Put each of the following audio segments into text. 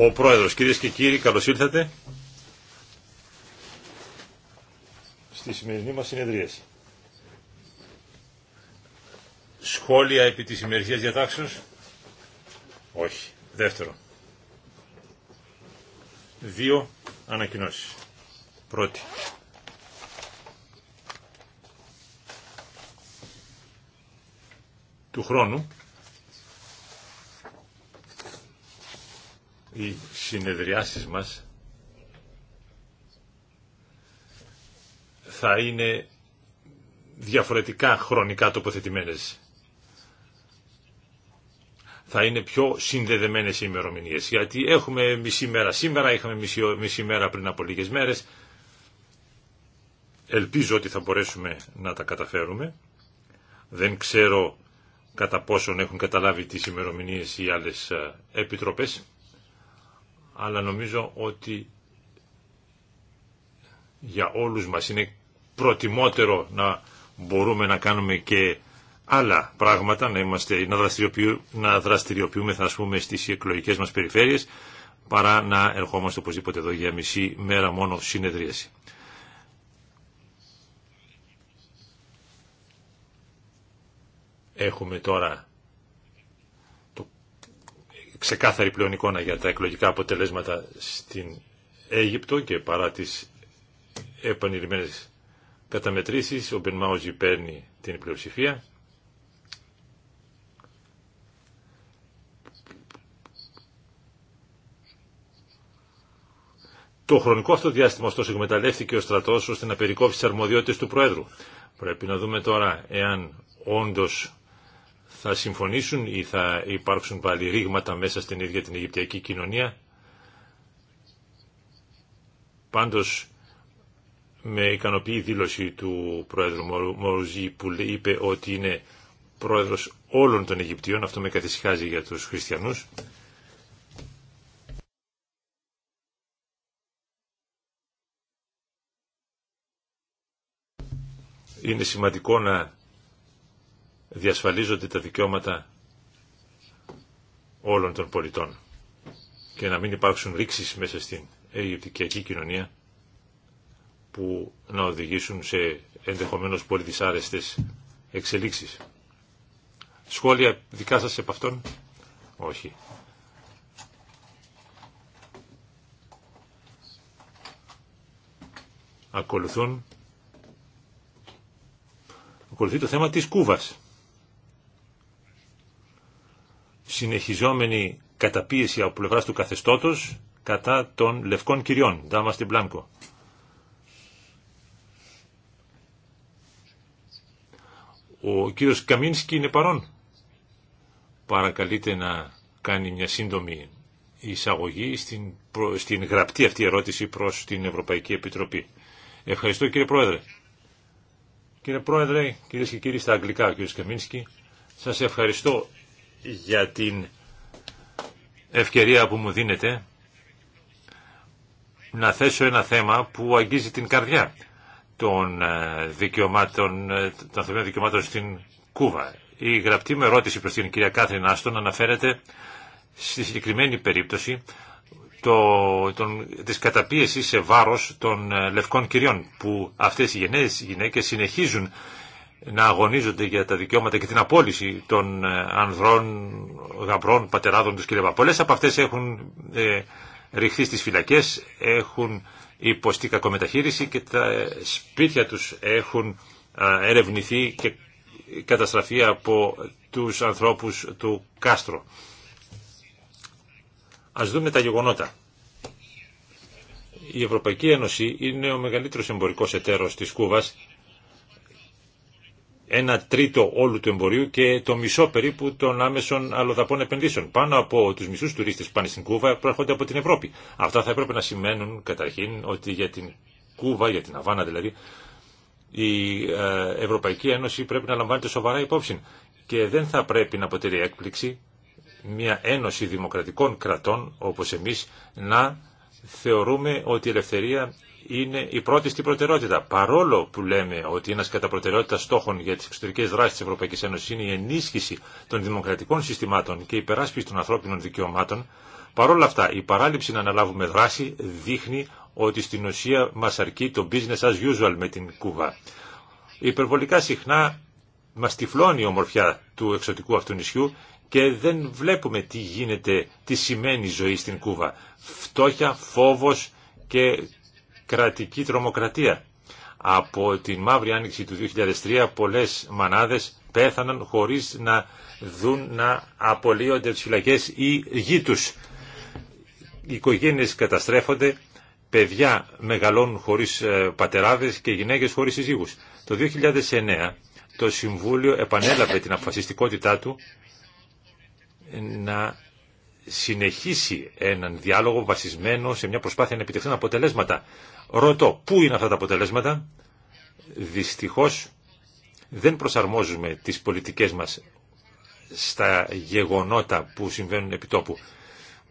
Ο Πρόεδρος, κυρίες και κύριοι, καλώς ήρθατε. στη σημερινή μας συνεδρίαση. Σχόλια επί της ημερησίας διατάξεως. Όχι. Δεύτερο. Δύο ανακοινώσεις. Πρώτη. Του χρόνου οι συνεδριάσεις μας θα είναι διαφορετικά χρονικά τοποθετημένες θα είναι πιο συνδεδεμένες οι ημερομηνίες. Γιατί έχουμε μισή μέρα σήμερα, είχαμε μισή, μισή μέρα πριν από λίγες μέρες. Ελπίζω ότι θα μπορέσουμε να τα καταφέρουμε. Δεν ξέρω κατά πόσον έχουν καταλάβει τις ημερομηνίε οι άλλες ε, επιτροπές, αλλά νομίζω ότι για όλους μας είναι προτιμότερο να μπορούμε να κάνουμε και άλλα πράγματα, να, είμαστε, να, δραστηριοποιούμε, να δραστηριοποιούμε θα πούμε στις εκλογικές μας περιφέρειες, παρά να ερχόμαστε οπωσδήποτε εδώ για μισή μέρα μόνο συνεδρίαση. Έχουμε τώρα το ξεκάθαρη πλέον εικόνα για τα εκλογικά αποτελέσματα στην Αίγυπτο και παρά τις επανειλημμένες καταμετρήσεις ο Μπεν Μάουζι παίρνει την πλειοψηφία Το χρονικό αυτό διάστημα ωστόσο εκμεταλλεύτηκε ο στρατό ώστε να περικόψει τι αρμοδιότητε του Προέδρου. Πρέπει να δούμε τώρα εάν όντω θα συμφωνήσουν ή θα υπάρξουν πάλι ρήγματα μέσα στην ίδια την Αιγυπτιακή κοινωνία. Πάντως με ικανοποιεί η δήλωση του Πρόεδρου Μορουζή που είπε ότι είναι πρόεδρος όλων των Αιγυπτίων, αυτό με καθησυχάζει για τους χριστιανούς. είναι σημαντικό να διασφαλίζονται τα δικαιώματα όλων των πολιτών και να μην υπάρξουν ρήξεις μέσα στην Αιγυπτικιακή κοινωνία που να οδηγήσουν σε ενδεχομένως πολύ δυσάρεστες εξελίξεις. Σχόλια δικά σας επ' Όχι. Ακολουθούν Ακολουθεί το θέμα της Κούβας. Συνεχιζόμενη καταπίεση από πλευράς του καθεστώτος κατά των λευκών κυριών, στην Πλάνκο. Ο κύριος Καμίνσκι είναι παρόν. Παρακαλείται να κάνει μια σύντομη εισαγωγή στην, στην γραπτή αυτή ερώτηση προς την Ευρωπαϊκή Επιτροπή. Ευχαριστώ κύριε Πρόεδρε. Κύριε Πρόεδρε, κυρίε και κύριοι στα αγγλικά, ο Σκεμίνσκι, Καμίνσκι, σας ευχαριστώ για την ευκαιρία που μου δίνετε να θέσω ένα θέμα που αγγίζει την καρδιά των ε, δικαιωμάτων, ε, των ανθρωπίνων δικαιωμάτων στην Κούβα. Η γραπτή μου ερώτηση προς την κυρία Κάθριν Άστον αναφέρεται στη συγκεκριμένη περίπτωση το, τον, της καταπίεσης σε βάρος των ε, λευκών κυριών που αυτές οι γενναίες γυναίκες συνεχίζουν να αγωνίζονται για τα δικαιώματα και την απόλυση των ε, ανδρών, γαμπρών, πατεράδων τους κλπ. Πολλές από αυτές έχουν ε, ρηχθεί στις φυλακές, έχουν υποστεί κακομεταχείριση και τα σπίτια τους έχουν ερευνηθεί και καταστραφεί από τους ανθρώπους του Κάστρο. Ας δούμε τα γεγονότα. Η Ευρωπαϊκή Ένωση είναι ο μεγαλύτερος εμπορικός εταίρος της Κούβας, ένα τρίτο όλου του εμπορίου και το μισό περίπου των άμεσων αλλοδαπών επενδύσεων. Πάνω από του μισού τουρίστε που πάνε στην Κούβα προέρχονται από την Ευρώπη. Αυτά θα έπρεπε να σημαίνουν καταρχήν ότι για την Κούβα, για την Αβάνα δηλαδή, η ε, Ευρωπαϊκή Ένωση πρέπει να λαμβάνεται σοβαρά υπόψη και δεν θα πρέπει να αποτελεί έκπληξη μια ένωση δημοκρατικών κρατών όπως εμείς να θεωρούμε ότι η ελευθερία είναι η πρώτη στην προτεραιότητα. Παρόλο που λέμε ότι ένα κατά προτεραιότητα στόχων για τι εξωτερικέ δράσει τη Ευρωπαϊκή Ένωση είναι η ενίσχυση των δημοκρατικών συστημάτων και η υπεράσπιση των ανθρώπινων δικαιωμάτων, παρόλα αυτά η παράληψη να αναλάβουμε δράση δείχνει ότι στην ουσία μα αρκεί το business as usual με την Κούβα. Υπερβολικά συχνά μα τυφλώνει η ομορφιά του εξωτικού αυτού νησιού και δεν βλέπουμε τι γίνεται, τι σημαίνει ζωή στην Κούβα. Φτώχεια, φόβος και κρατική τρομοκρατία. Από την Μαύρη Άνοιξη του 2003 πολλές μανάδες πέθαναν χωρίς να δουν να απολύονται τις φυλακές ή γη τους. Οι οικογένειες καταστρέφονται, παιδιά μεγαλώνουν χωρίς ε, πατεράδες και γυναίκες χωρίς συζύγους. Το 2009 το Συμβούλιο επανέλαβε την αποφασιστικότητά του να συνεχίσει έναν διάλογο βασισμένο σε μια προσπάθεια να επιτευχθούν αποτελέσματα. Ρωτώ, πού είναι αυτά τα αποτελέσματα. Δυστυχώς δεν προσαρμόζουμε τις πολιτικές μας στα γεγονότα που συμβαίνουν επί τόπου.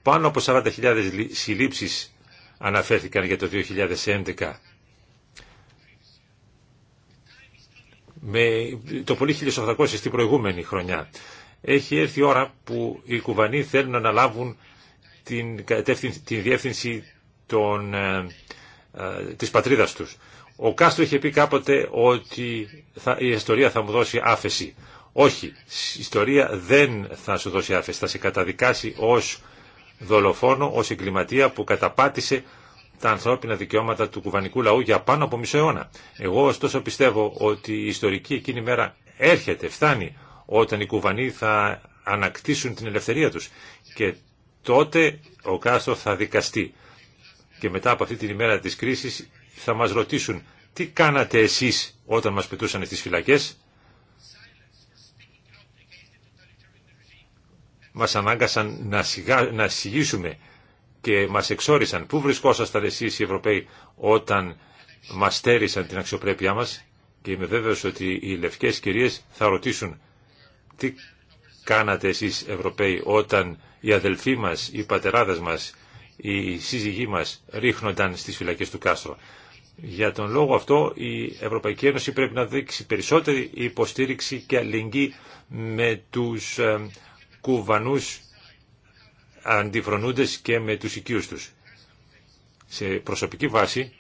Πάνω από 40.000 συλλήψεις αναφέρθηκαν για το 2011 με το πολύ 1800 στην προηγούμενη χρονιά έχει έρθει η ώρα που οι Κουβανοί θέλουν να αναλάβουν την, την διεύθυνση των, ε, ε, της πατρίδας τους. Ο Κάστρο είχε πει κάποτε ότι θα, η ιστορία θα μου δώσει άφεση. Όχι, η ιστορία δεν θα σου δώσει άφεση. Θα σε καταδικάσει ως δολοφόνο, ως εγκληματία που καταπάτησε τα ανθρώπινα δικαιώματα του κουβανικού λαού για πάνω από μισό αιώνα. Εγώ ωστόσο πιστεύω ότι η ιστορική εκείνη μέρα έρχεται, φτάνει, όταν οι Κουβανοί θα ανακτήσουν την ελευθερία τους και τότε ο Κάστρο θα δικαστεί. Και μετά από αυτή την ημέρα της κρίσης θα μας ρωτήσουν τι κάνατε εσείς όταν μας πετούσαν στις φυλακές. Μας ανάγκασαν να, σιγά, σιγήσουμε και μας εξόρισαν. Πού βρισκόσασταν εσείς οι Ευρωπαίοι όταν μας στέρισαν την αξιοπρέπειά μας. Και είμαι βέβαιος ότι οι λευκές κυρίες θα ρωτήσουν τι κάνατε εσείς Ευρωπαίοι όταν οι αδελφοί μας, οι πατεράδες μας, οι σύζυγοί μας ρίχνονταν στις φυλακές του Κάστρο. Για τον λόγο αυτό η Ευρωπαϊκή Ένωση πρέπει να δείξει περισσότερη υποστήριξη και αλληλεγγύη με τους ε, κουβανούς αντιφρονούντες και με τους οικείους τους. Σε προσωπική βάση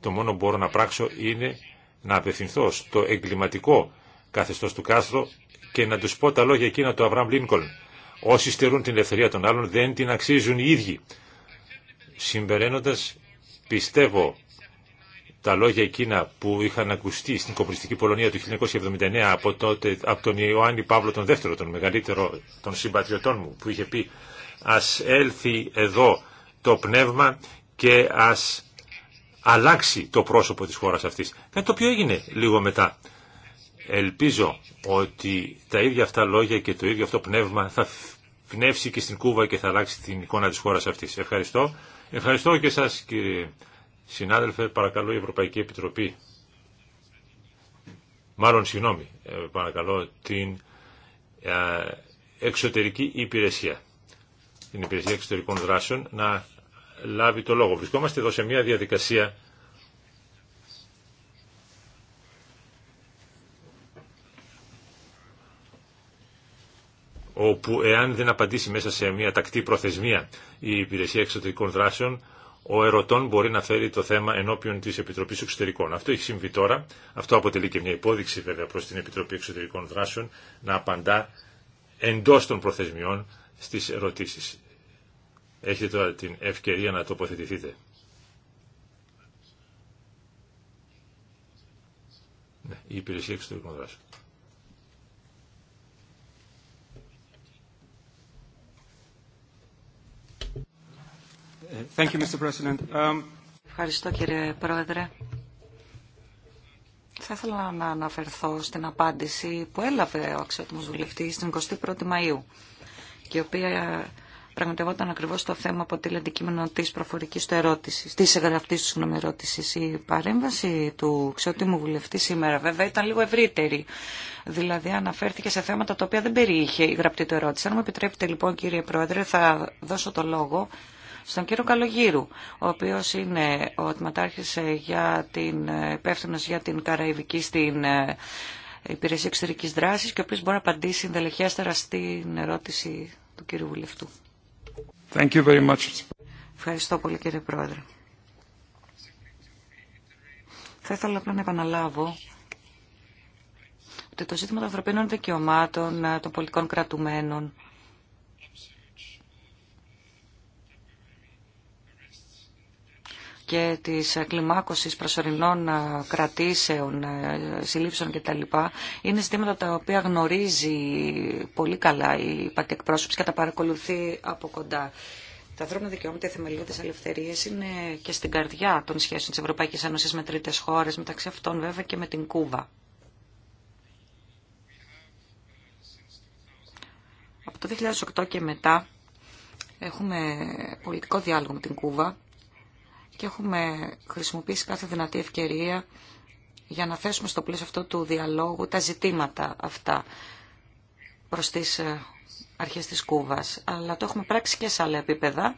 το μόνο που μπορώ να πράξω είναι να απευθυνθώ στο εγκληματικό καθεστώ του Κάστρο και να του πω τα λόγια εκείνα του Αβραμ Λίνκολν. Όσοι στερούν την ελευθερία των άλλων δεν την αξίζουν οι ίδιοι. Συμπεραίνοντα, πιστεύω τα λόγια εκείνα που είχαν ακουστεί στην κομμουνιστική Πολωνία του 1979 από, τότε, από τον Ιωάννη Παύλο τον δεύτερο, τον μεγαλύτερο των συμπατριωτών μου, που είχε πει «Ας έλθει εδώ το πνεύμα και ας αλλάξει το πρόσωπο της χώρας αυτής». Κάτι το οποίο έγινε λίγο μετά. Ελπίζω ότι τα ίδια αυτά λόγια και το ίδιο αυτό πνεύμα θα πνεύσει και στην Κούβα και θα αλλάξει την εικόνα της χώρας αυτής. Ευχαριστώ. Ευχαριστώ και σας κύριε συνάδελφε. Παρακαλώ η Ευρωπαϊκή Επιτροπή. Μάλλον συγγνώμη. Ε, παρακαλώ την ε, εξωτερική υπηρεσία. Την υπηρεσία εξωτερικών δράσεων να λάβει το λόγο. Βρισκόμαστε εδώ σε μια διαδικασία όπου εάν δεν απαντήσει μέσα σε μια τακτή προθεσμία η Υπηρεσία Εξωτερικών Δράσεων, ο ερωτών μπορεί να φέρει το θέμα ενώπιον τη Επιτροπή Εξωτερικών. Αυτό έχει συμβεί τώρα. Αυτό αποτελεί και μια υπόδειξη βέβαια προ την Επιτροπή Εξωτερικών Δράσεων να απαντά εντό των προθεσμιών στι ερωτήσει. Έχετε τώρα την ευκαιρία να τοποθετηθείτε. Ναι, η Υπηρεσία Εξωτερικών Δράσεων. Um, Ευχαριστώ κύριε Πρόεδρε. Θα ήθελα να αναφερθώ στην απάντηση που έλαβε ο αξιότιμος βουλευτής την 21η Μαΐου και η οποία πραγματευόταν ακριβώς το θέμα που αποτελεί αντικείμενο της προφορικής του ερώτησης, της εγγραφής του συγγνώμη ερώτησης. Η παρέμβαση του αξιότιμου βουλευτή σήμερα βέβαια ήταν λίγο ευρύτερη. Δηλαδή αναφέρθηκε σε θέματα τα οποία δεν περιείχε η γραπτή του ερώτηση. Αν μου επιτρέπετε λοιπόν κύριε Πρόεδρε θα δώσω το λόγο στον κύριο Καλογύρου, ο οποίος είναι ο ατματάρχη ε, για την, ε, υπεύθυνο για την Καραϊβική στην ε, Υπηρεσία Εξωτερικής Δράσης και ο οποίος μπορεί να απαντήσει ενδελεχέστερα στην ερώτηση του κύριου Βουλευτού. Thank you very much. Ευχαριστώ πολύ κύριε Πρόεδρε. Θα ήθελα απλά να επαναλάβω ότι το ζήτημα των ανθρωπίνων δικαιωμάτων, των πολιτικών κρατουμένων, και της κλιμάκωσης προσωρινών ε, κρατήσεων, ε, συλλήψεων κτλ. Είναι ζητήματα τα οποία γνωρίζει πολύ καλά η υπαρκή εκπρόσωπη και τα παρακολουθεί από κοντά. Τα ανθρώπινα δικαιώματα, οι θεμελιώδει ελευθερίε είναι και στην καρδιά των σχέσεων τη Ευρωπαϊκή Ένωση με τρίτε χώρε, μεταξύ αυτών βέβαια και με την Κούβα. Από το 2008 και μετά έχουμε πολιτικό διάλογο με την Κούβα και έχουμε χρησιμοποιήσει κάθε δυνατή ευκαιρία για να θέσουμε στο πλαίσιο αυτό του διαλόγου τα ζητήματα αυτά προς τις ε, αρχές της Κούβας. Αλλά το έχουμε πράξει και σε άλλα επίπεδα,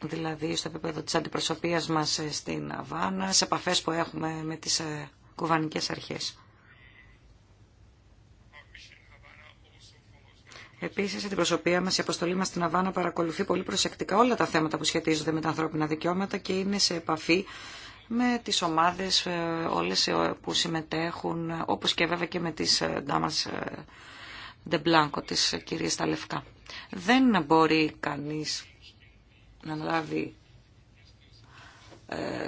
δηλαδή στο επίπεδο της αντιπροσωπείας μας ε, στην Αβάνα, σε επαφές που έχουμε με τις ε, κουβανικές αρχές. Επίση, η αντιπροσωπεία μα, η αποστολή μα στην Αβάνα παρακολουθεί πολύ προσεκτικά όλα τα θέματα που σχετίζονται με τα ανθρώπινα δικαιώματα και είναι σε επαφή με τις ομάδες ε, όλες ε, που συμμετέχουν, όπως και βέβαια και με τις ε, ντάμας ντεμπλάνκο της κυρίας τα Λευκά. Δεν μπορεί κανείς να λάβει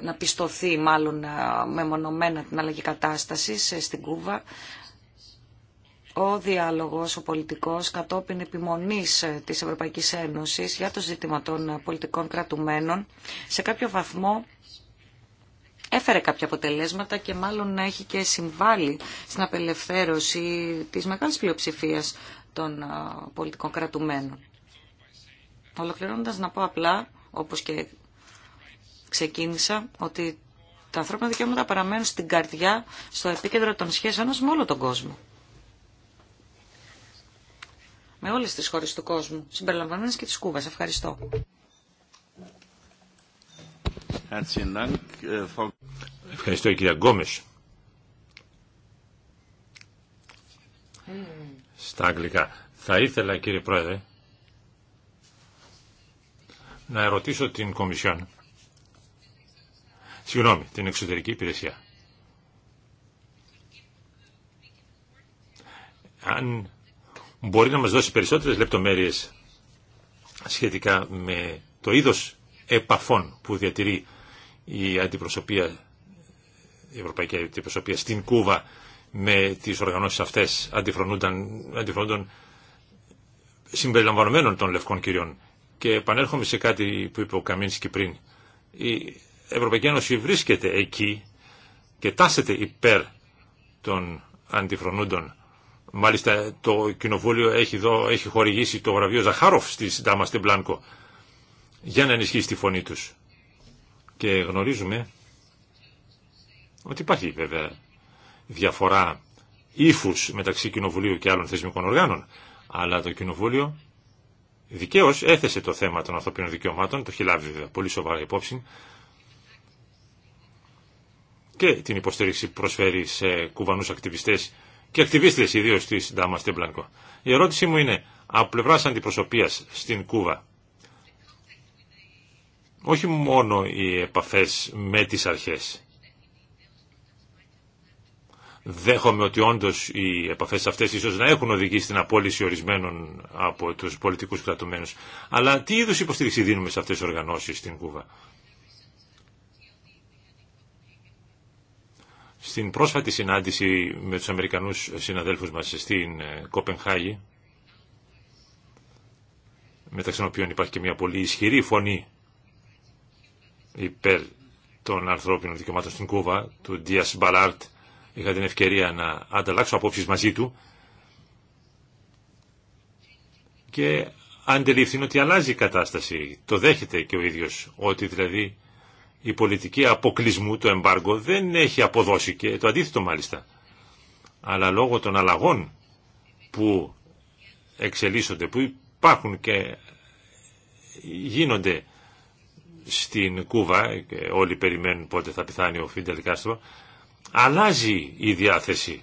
να πιστωθεί μάλλον μεμονωμένα την αλλαγή κατάστασης στην Κούβα ο διάλογος, ο πολιτικός, κατόπιν επιμονής της Ευρωπαϊκής Ένωσης για το ζήτημα των πολιτικών κρατουμένων, σε κάποιο βαθμό έφερε κάποια αποτελέσματα και μάλλον έχει και συμβάλει στην απελευθέρωση της μεγάλης πλειοψηφίας των πολιτικών κρατουμένων. Ολοκληρώνοντας να πω απλά, όπως και ξεκίνησα, ότι τα ανθρώπινα δικαιώματα παραμένουν στην καρδιά, στο επίκεντρο των σχέσεων με όλο τον κόσμο με όλες τις χώρες του κόσμου, συμπεριλαμβανομένες και της Κούβας. Ευχαριστώ. Äh, Ευχαριστώ κυρία Γκόμες. Στα αγγλικά. Θα ήθελα κύριε Πρόεδρε να ερωτήσω την Κομισιόν. Συγγνώμη, την εξωτερική υπηρεσία. Αν μπορεί να μας δώσει περισσότερες λεπτομέρειες σχετικά με το είδος επαφών που διατηρεί η αντιπροσωπεία, Ευρωπαϊκή Αντιπροσωπεία στην Κούβα με τις οργανώσεις αυτές αντιφρονούντων συμπεριλαμβανομένων των λευκών κυριών. Και επανέρχομαι σε κάτι που είπε ο Καμίνσκι πριν. Η Ευρωπαϊκή Ένωση βρίσκεται εκεί και τάσεται υπέρ των αντιφρονούντων Μάλιστα το κοινοβούλιο έχει, έχει χορηγήσει το βραβείο Ζαχάροφ στη Ντάμαστε Μπλάνκο για να ενισχύσει τη φωνή τους. Και γνωρίζουμε ότι υπάρχει βέβαια διαφορά ύφου μεταξύ κοινοβουλίου και άλλων θεσμικών οργάνων, αλλά το κοινοβούλιο δικαίω έθεσε το θέμα των ανθρωπίνων δικαιωμάτων, το έχει λάβει βέβαια πολύ σοβαρά υπόψη, και την υποστήριξη προσφέρει σε κουβανούς ακτιβιστές και ακτιβίστες ιδίω τη Ντάμα Τεμπλανκό. Η ερώτησή μου είναι, από πλευρά αντιπροσωπεία στην Κούβα, όχι μόνο οι επαφές με τις αρχές. Δέχομαι ότι όντως οι επαφές αυτές ίσως να έχουν οδηγήσει στην απόλυση ορισμένων από τους πολιτικούς κρατουμένου. Αλλά τι είδους υποστήριξη δίνουμε σε αυτές τις οργανώσεις στην Κούβα. Στην πρόσφατη συνάντηση με τους Αμερικανούς συναδέλφους μας στην ε, Κοπενχάγη, μεταξύ των οποίων υπάρχει και μια πολύ ισχυρή φωνή υπέρ των ανθρώπινων δικαιωμάτων στην Κούβα, του Ντία Μπαλάρτ, είχα την ευκαιρία να ανταλλάξω απόψεις μαζί του και αντελήφθη ότι αλλάζει η κατάσταση. Το δέχεται και ο ίδιος ότι δηλαδή η πολιτική αποκλεισμού, το εμπάργκο, δεν έχει αποδώσει και το αντίθετο μάλιστα. Αλλά λόγω των αλλαγών που εξελίσσονται, που υπάρχουν και γίνονται στην Κούβα, και όλοι περιμένουν πότε θα πιθάνει ο Φίντελ Κάστρο, αλλάζει η διάθεση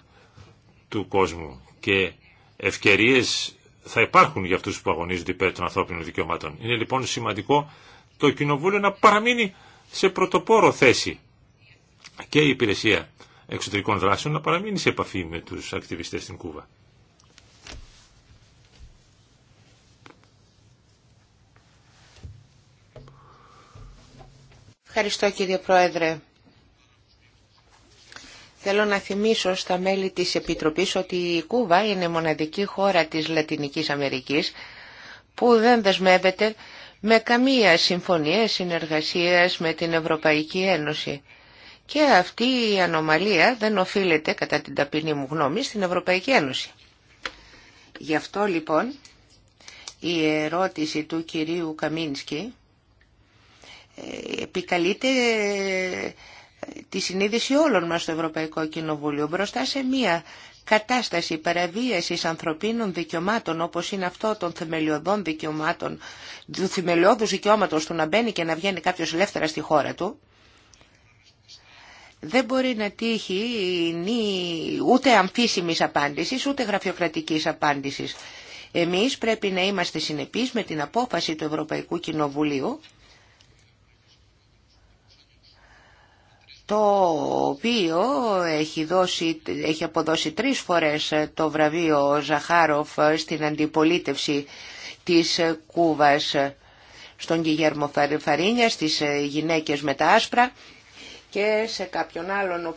του κόσμου και ευκαιρίες θα υπάρχουν για αυτούς που αγωνίζονται υπέρ των ανθρώπινων δικαιωμάτων. Είναι λοιπόν σημαντικό το Κοινοβούλιο να παραμείνει σε πρωτοπόρο θέση και η υπηρεσία εξωτερικών δράσεων να παραμείνει σε επαφή με τους ακτιβιστές στην Κούβα. Ευχαριστώ κύριε Πρόεδρε. Θέλω να θυμίσω στα μέλη της Επιτροπής ότι η Κούβα είναι μοναδική χώρα της Λατινικής Αμερικής που δεν δεσμεύεται με καμία συμφωνία συνεργασίας με την Ευρωπαϊκή Ένωση. Και αυτή η ανομαλία δεν οφείλεται, κατά την ταπεινή μου γνώμη, στην Ευρωπαϊκή Ένωση. Γι' αυτό λοιπόν η ερώτηση του κυρίου Καμίνσκι ε, επικαλείται τη συνείδηση όλων μας στο Ευρωπαϊκό Κοινοβούλιο μπροστά σε μία κατάσταση παραβίασης ανθρωπίνων δικαιωμάτων όπως είναι αυτό των θεμελιωδών δικαιωμάτων του θεμελιώδου δικαιώματος του να μπαίνει και να βγαίνει κάποιος ελεύθερα στη χώρα του δεν μπορεί να τύχει ούτε αμφίσιμης απάντησης ούτε γραφειοκρατικής απάντησης. Εμείς πρέπει να είμαστε συνεπείς με την απόφαση του Ευρωπαϊκού Κοινοβουλίου το οποίο έχει, δώσει, έχει αποδώσει τρεις φορές το βραβείο Ζαχάροφ στην αντιπολίτευση της Κούβας στον Κιγέρμο Φαρίνια, στις γυναίκες με τα άσπρα και σε κάποιον άλλον, ο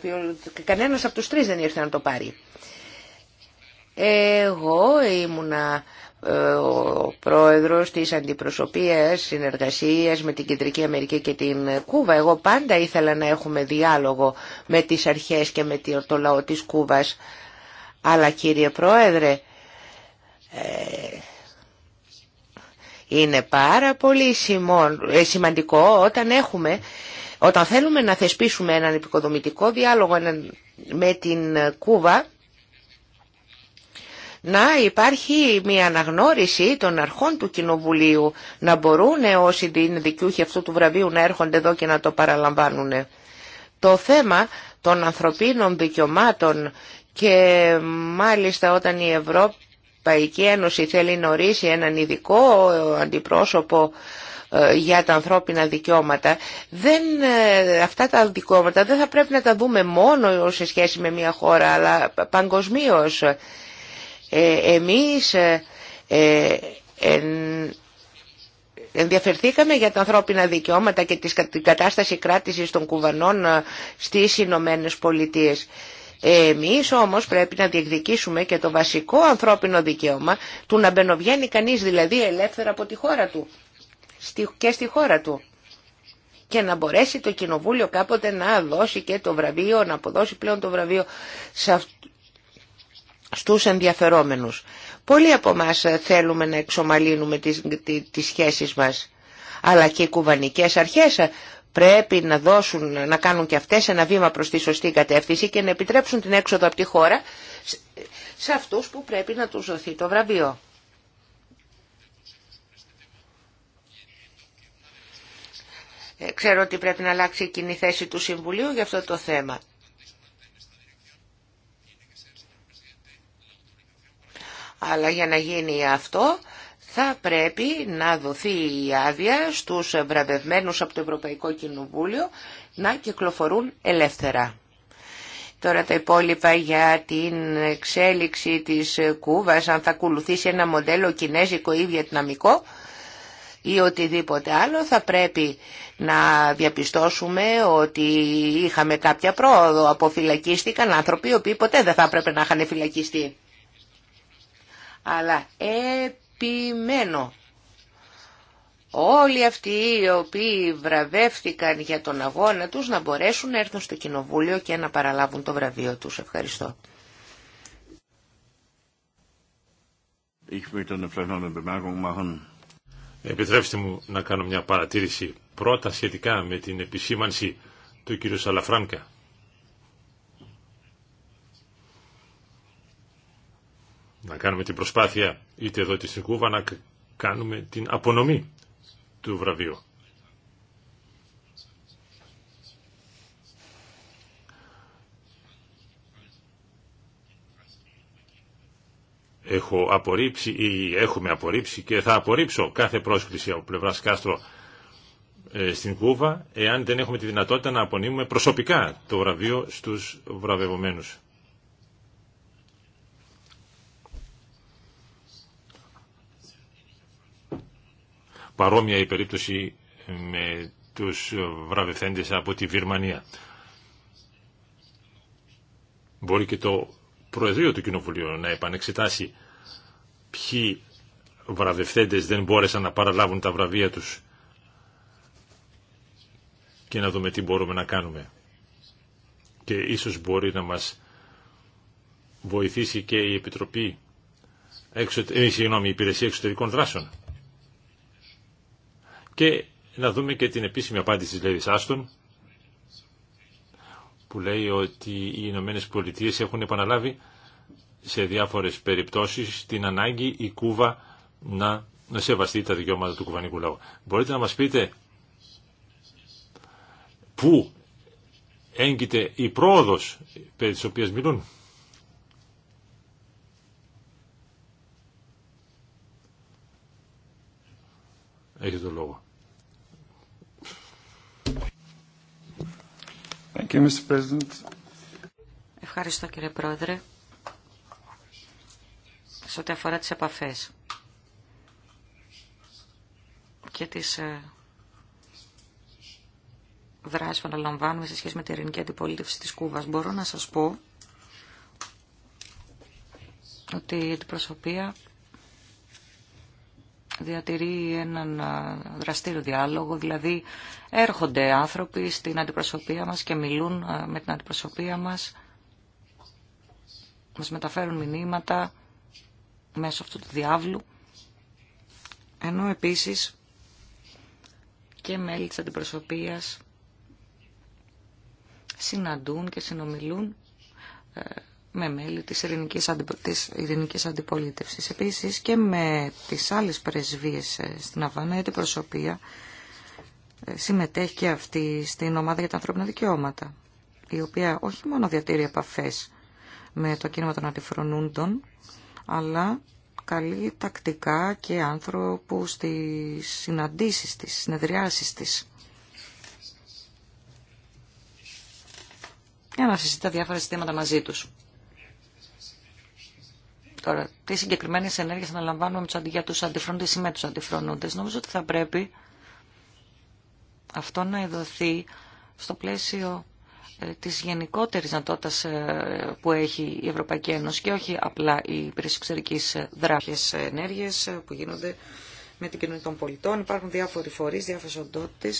κανένας από τους τρεις δεν ήρθε να το πάρει. Εγώ ήμουνα ο πρόεδρος της αντιπροσωπείας συνεργασίας με την Κεντρική Αμερική και την Κούβα. Εγώ πάντα ήθελα να έχουμε διάλογο με τις αρχές και με το λαό της Κούβας. Αλλά κύριε πρόεδρε, ε, είναι πάρα πολύ ε, σημαντικό όταν έχουμε... Όταν θέλουμε να θεσπίσουμε έναν επικοδομητικό διάλογο με την Κούβα, να υπάρχει μια αναγνώριση των αρχών του Κοινοβουλίου, να μπορούν όσοι είναι δικιούχοι αυτού του βραβείου να έρχονται εδώ και να το παραλαμβάνουν. Το θέμα των ανθρωπίνων δικαιωμάτων και μάλιστα όταν η Ευρωπαϊκή Ένωση θέλει να ορίσει έναν ειδικό αντιπρόσωπο ε, για τα ανθρώπινα δικαιώματα δεν, ε, αυτά τα δικαιώματα δεν θα πρέπει να τα δούμε μόνο σε σχέση με μια χώρα αλλά παγκοσμίω. Ε, εμείς ε, ε, ενδιαφερθήκαμε για τα ανθρώπινα δικαιώματα και την κατάσταση κράτησης των κουβανών στις Ηνωμένε Πολιτείες. Εμείς όμως πρέπει να διεκδικήσουμε και το βασικό ανθρώπινο δικαίωμα του να μπαινοβγαίνει κανείς δηλαδή ελεύθερα από τη χώρα του και στη χώρα του και να μπορέσει το κοινοβούλιο κάποτε να δώσει και το βραβείο, να αποδώσει πλέον το βραβείο στους ενδιαφερόμενους. Πολλοί από εμά ε, θέλουμε να εξομαλύνουμε τις, τις σχέσεις μας, αλλά και οι κουβανικές αρχές ε, πρέπει να, δώσουν, να κάνουν και αυτές ένα βήμα προς τη σωστή κατεύθυνση και να επιτρέψουν την έξοδο από τη χώρα σε αυτούς που πρέπει να τους δοθεί το βραβείο. Ε, ξέρω ότι πρέπει να αλλάξει η κοινή θέση του Συμβουλίου για αυτό το θέμα. Αλλά για να γίνει αυτό θα πρέπει να δοθεί η άδεια στους βραβευμένους από το Ευρωπαϊκό Κοινοβούλιο να κυκλοφορούν ελεύθερα. Τώρα τα υπόλοιπα για την εξέλιξη της Κούβας, αν θα ακολουθήσει ένα μοντέλο κινέζικο ή βιετναμικό ή οτιδήποτε άλλο, θα πρέπει να διαπιστώσουμε ότι είχαμε κάποια πρόοδο, αποφυλακίστηκαν άνθρωποι οι οποίοι ποτέ δεν θα έπρεπε να είχαν φυλακιστεί αλλά επιμένω. Όλοι αυτοί οι οποίοι βραβεύτηκαν για τον αγώνα τους να μπορέσουν να έρθουν στο κοινοβούλιο και να παραλάβουν το βραβείο τους. Ευχαριστώ. Επιτρέψτε μου να κάνω μια παρατήρηση πρώτα σχετικά με την επισήμανση του κ. Σαλαφράνκα. να κάνουμε την προσπάθεια είτε εδώ είτε στην Κούβα να κάνουμε την απονομή του βραβείου. Έχω απορρίψει ή έχουμε απορρίψει και θα απορρίψω κάθε πρόσκληση από πλευρά Κάστρο ε, στην Κούβα εάν δεν έχουμε τη δυνατότητα να απονείμουμε προσωπικά το βραβείο στους βραβευομένους. Παρόμοια η περίπτωση με τους βραβευθέντες από τη Βιρμανία. Μπορεί και το Προεδρείο του Κοινοβουλίου να επανεξετάσει ποιοι βραβευθέντες δεν μπόρεσαν να παραλάβουν τα βραβεία τους και να δούμε τι μπορούμε να κάνουμε. Και ίσως μπορεί να μας βοηθήσει και η Επιτροπή, ε, Υπηρεσία Εξωτερικών Δράσεων. Και να δούμε και την επίσημη απάντηση της Λέδης Άστον που λέει ότι οι Ηνωμένε Πολιτείε έχουν επαναλάβει σε διάφορες περιπτώσεις την ανάγκη η Κούβα να σεβαστεί τα δικαιώματα του κουβανικού λαού. Μπορείτε να μας πείτε πού έγκυται η πρόοδος περί της οποίας μιλούν. Έχετε το λόγο. Ευχαριστώ κύριε Πρόεδρε. Σε ό,τι αφορά τις επαφές και τις ε, δράσεις που αναλαμβάνουμε σε σχέση με την ειρηνική αντιπολίτευση της Κούβας, μπορώ να σας πω ότι η αντιπροσωπεία διατηρεί έναν δραστήριο διάλογο, δηλαδή έρχονται άνθρωποι στην αντιπροσωπεία μας και μιλούν με την αντιπροσωπεία μας, μας μεταφέρουν μηνύματα μέσω αυτού του διάβλου, ενώ επίσης και μέλη της αντιπροσωπείας συναντούν και συνομιλούν ε, με μέλη της ελληνικής, της ελληνικής αντιπολίτευσης. Επίσης και με τις άλλες πρεσβείες ε, στην Αβάνα, η αντιπροσωπεία ε, συμμετέχει και αυτή στην ομάδα για τα ανθρώπινα δικαιώματα, η οποία όχι μόνο διατηρεί επαφέ με το κίνημα των αντιφρονούντων, αλλά καλεί τακτικά και άνθρωπου στις συναντήσεις της, στις συνεδριάσεις της. για να συζητά διάφορα ζητήματα μαζί τους. Τώρα, τι συγκεκριμένε ενέργειε αναλαμβάνουμε για του αντιφρονούντε ή με του αντιφρονούντε. Νομίζω ότι θα πρέπει αυτό να εδοθεί στο πλαίσιο ε, της γενικότερης ε, που έχει η Ευρωπαϊκή Ένωση και όχι απλά οι υπηρεσίες δράσεις δράσης ενέργειες ε, που γίνονται με την κοινωνία των πολιτών. Υπάρχουν διάφοροι φορεί, διάφορε οντότητε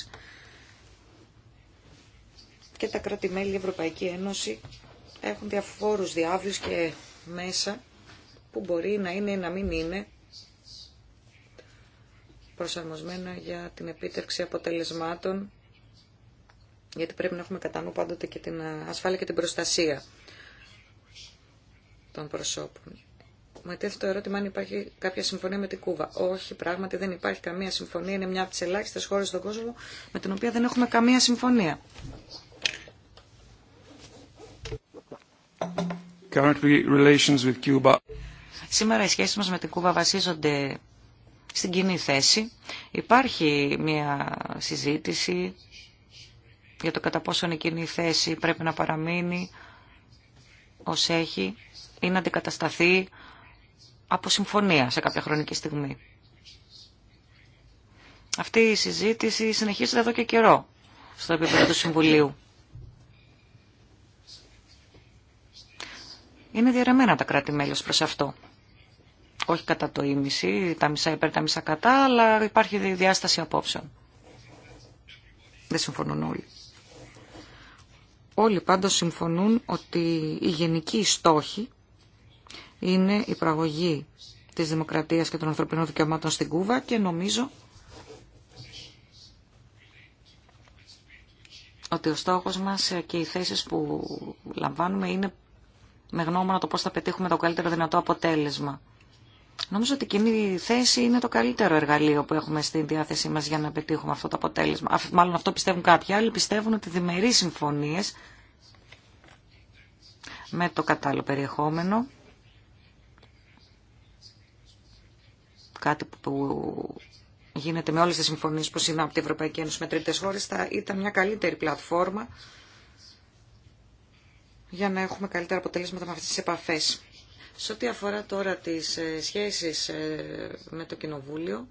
και τα κράτη-μέλη η Ευρωπαϊκή Ένωση έχουν διαφόρους διάβλους και μέσα που μπορεί να είναι ή να μην είναι προσαρμοσμένα για την επίτευξη αποτελεσμάτων, γιατί πρέπει να έχουμε κατά νου πάντοτε και την ε, ασφάλεια και την προστασία των προσώπων. Μα τέτοιο το ερώτημα αν υπάρχει κάποια συμφωνία με την Κούβα. Όχι, πράγματι δεν υπάρχει καμία συμφωνία. Είναι μια από τι ελάχιστε χώρε στον κόσμο με την οποία δεν έχουμε καμία συμφωνία. relations with Cuba. Σήμερα οι σχέσεις μας με την Κούβα βασίζονται στην κοινή θέση. Υπάρχει μια συζήτηση για το κατά πόσο η κοινή θέση πρέπει να παραμείνει ως έχει ή να αντικατασταθεί από συμφωνία σε κάποια χρονική στιγμή. Αυτή η συζήτηση συνεχίζεται εδώ και καιρό στο επίπεδο του Συμβουλίου. Είναι διαρρεμένα τα κράτη-μέλη προς αυτό όχι κατά το ίμιση, τα μισά υπέρ, τα μισά κατά, αλλά υπάρχει διάσταση απόψεων. Δεν συμφωνούν όλοι. Όλοι πάντως συμφωνούν ότι η γενική στόχη είναι η πραγωγή της δημοκρατίας και των ανθρωπινών δικαιωμάτων στην Κούβα και νομίζω ότι ο στόχος μας και οι θέσεις που λαμβάνουμε είναι με γνώμονα το πώς θα πετύχουμε το καλύτερο δυνατό αποτέλεσμα. Νομίζω ότι η κοινή θέση είναι το καλύτερο εργαλείο που έχουμε στη διάθεσή μας για να πετύχουμε αυτό το αποτέλεσμα. Μάλλον αυτό πιστεύουν κάποιοι άλλοι. Πιστεύουν ότι διμερεί συμφωνίες με το κατάλληλο περιεχόμενο κάτι που γίνεται με όλες τις συμφωνίες που συνάπτει την Ευρωπαϊκή Ένωση με τρίτες χώρες θα ήταν μια καλύτερη πλατφόρμα για να έχουμε καλύτερα αποτελέσματα με αυτές τις επαφές. Σε ό,τι αφορά τώρα τις ε, σχέσεις ε, με το Κοινοβούλιο,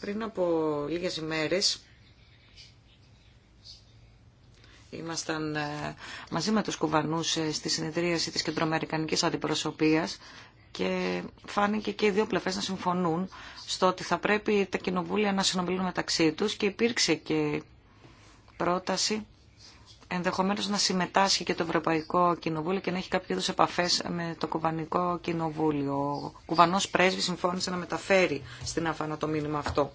πριν από λίγες ημέρες ήμασταν ε, μαζί με τους κουβανούς στη συνεδρίαση της Κεντροαμερικανικής Αντιπροσωπείας και φάνηκε και οι δύο πλευρές να συμφωνούν στο ότι θα πρέπει τα κοινοβούλια να συνομιλούν μεταξύ τους και υπήρξε και πρόταση ενδεχομένως να συμμετάσχει και το Ευρωπαϊκό Κοινοβούλιο και να έχει κάποιο είδους επαφές με το Κουβανικό Κοινοβούλιο. Ο Κουβανός πρέσβης συμφώνησε να μεταφέρει στην Αφάνα το μήνυμα αυτό.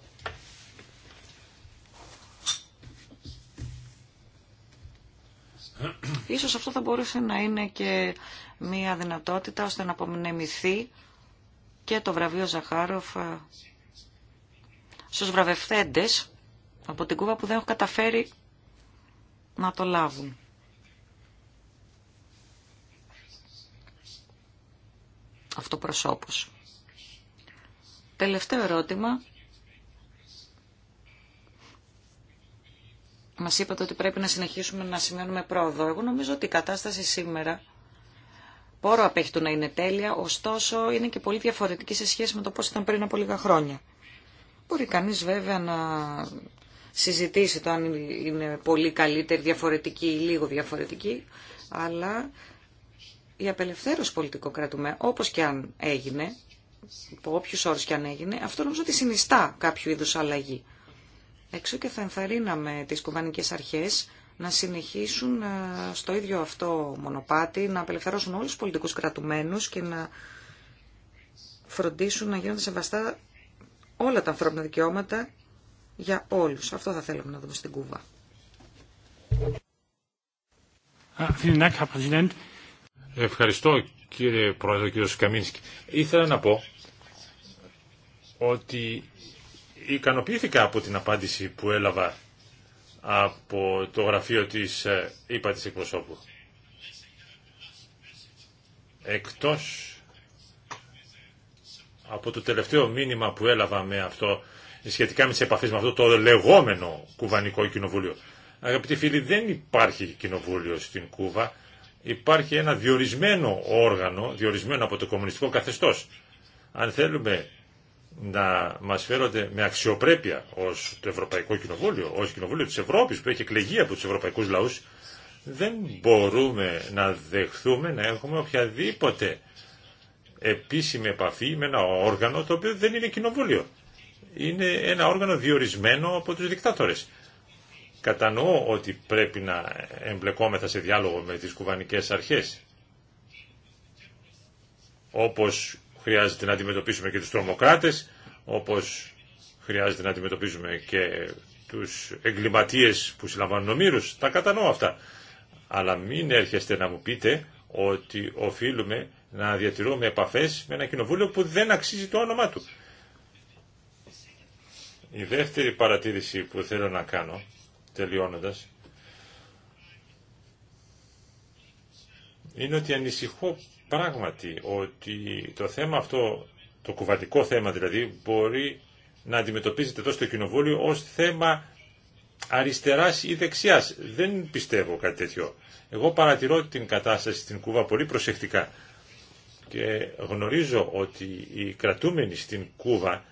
Ίσως αυτό θα μπορούσε να είναι και μια δυνατότητα ώστε να απομνημηθεί και το βραβείο Ζαχάροφ ε, στους βραβευθέντες από την Κούβα που δεν έχουν καταφέρει να το λάβουν. Αυτοπροσώπους. Τελευταίο ερώτημα. Μας είπατε ότι πρέπει να συνεχίσουμε να σημαίνουμε πρόοδο. Εγώ νομίζω ότι η κατάσταση σήμερα πόρο απέχει του να είναι τέλεια, ωστόσο είναι και πολύ διαφορετική σε σχέση με το πώς ήταν πριν από λίγα χρόνια. Μπορεί κανείς βέβαια να συζητήσει το αν είναι πολύ καλύτερη, διαφορετική ή λίγο διαφορετική, αλλά η απελευθέρωση πολιτικοκρατουμέ, κρατουμενου οπως και αν έγινε, από όποιους όρους και αν έγινε, αυτό νομίζω ότι συνιστά κάποιο είδους αλλαγή. Έξω και θα ενθαρρύναμε τις κουβανικές αρχές να συνεχίσουν ε, στο ίδιο αυτό μονοπάτι, να απελευθερώσουν όλους τους πολιτικούς κρατουμένους και να φροντίσουν να γίνονται σεβαστά όλα τα ανθρώπινα δικαιώματα για όλους. Αυτό θα θέλαμε να δούμε στην Κούβα. Ah, Ευχαριστώ κύριε Πρόεδρε, κύριο Σκαμίνσκι. Ήθελα να πω ότι ικανοποιήθηκα από την απάντηση που έλαβα από το γραφείο της ΥΠΑ ε, της εκπροσώπου. Εκτός από το τελευταίο μήνυμα που έλαβα με αυτό σχετικά με τι επαφέ με αυτό το λεγόμενο κουβανικό κοινοβούλιο. Αγαπητοί φίλοι, δεν υπάρχει κοινοβούλιο στην Κούβα. Υπάρχει ένα διορισμένο όργανο, διορισμένο από το κομμουνιστικό καθεστώ. Αν θέλουμε να μα φέρονται με αξιοπρέπεια ω το Ευρωπαϊκό Κοινοβούλιο, ω Κοινοβούλιο τη Ευρώπη που έχει εκλεγεί από του Ευρωπαϊκού Λαού, δεν μπορούμε να δεχθούμε να έχουμε οποιαδήποτε επίσημη επαφή με ένα όργανο το οποίο δεν είναι κοινοβούλιο είναι ένα όργανο διορισμένο από τους δικτάτορες. Κατανοώ ότι πρέπει να εμπλεκόμεθα σε διάλογο με τις κουβανικές αρχές, όπως χρειάζεται να αντιμετωπίσουμε και τους τρομοκράτες, όπως χρειάζεται να αντιμετωπίσουμε και τους εγκληματίες που συλλαμβάνουν ομήρους. Τα κατανοώ αυτά. Αλλά μην έρχεστε να μου πείτε ότι οφείλουμε να διατηρούμε επαφές με ένα κοινοβούλιο που δεν αξίζει το όνομά του. Η δεύτερη παρατήρηση που θέλω να κάνω, τελειώνοντας, είναι ότι ανησυχώ πράγματι ότι το θέμα αυτό, το κουβατικό θέμα δηλαδή, μπορεί να αντιμετωπίζεται εδώ στο Κοινοβούλιο ως θέμα αριστεράς ή δεξιάς. Δεν πιστεύω κάτι τέτοιο. Εγώ παρατηρώ την κατάσταση στην Κούβα πολύ προσεκτικά και γνωρίζω ότι οι κρατούμενοι στην Κούβα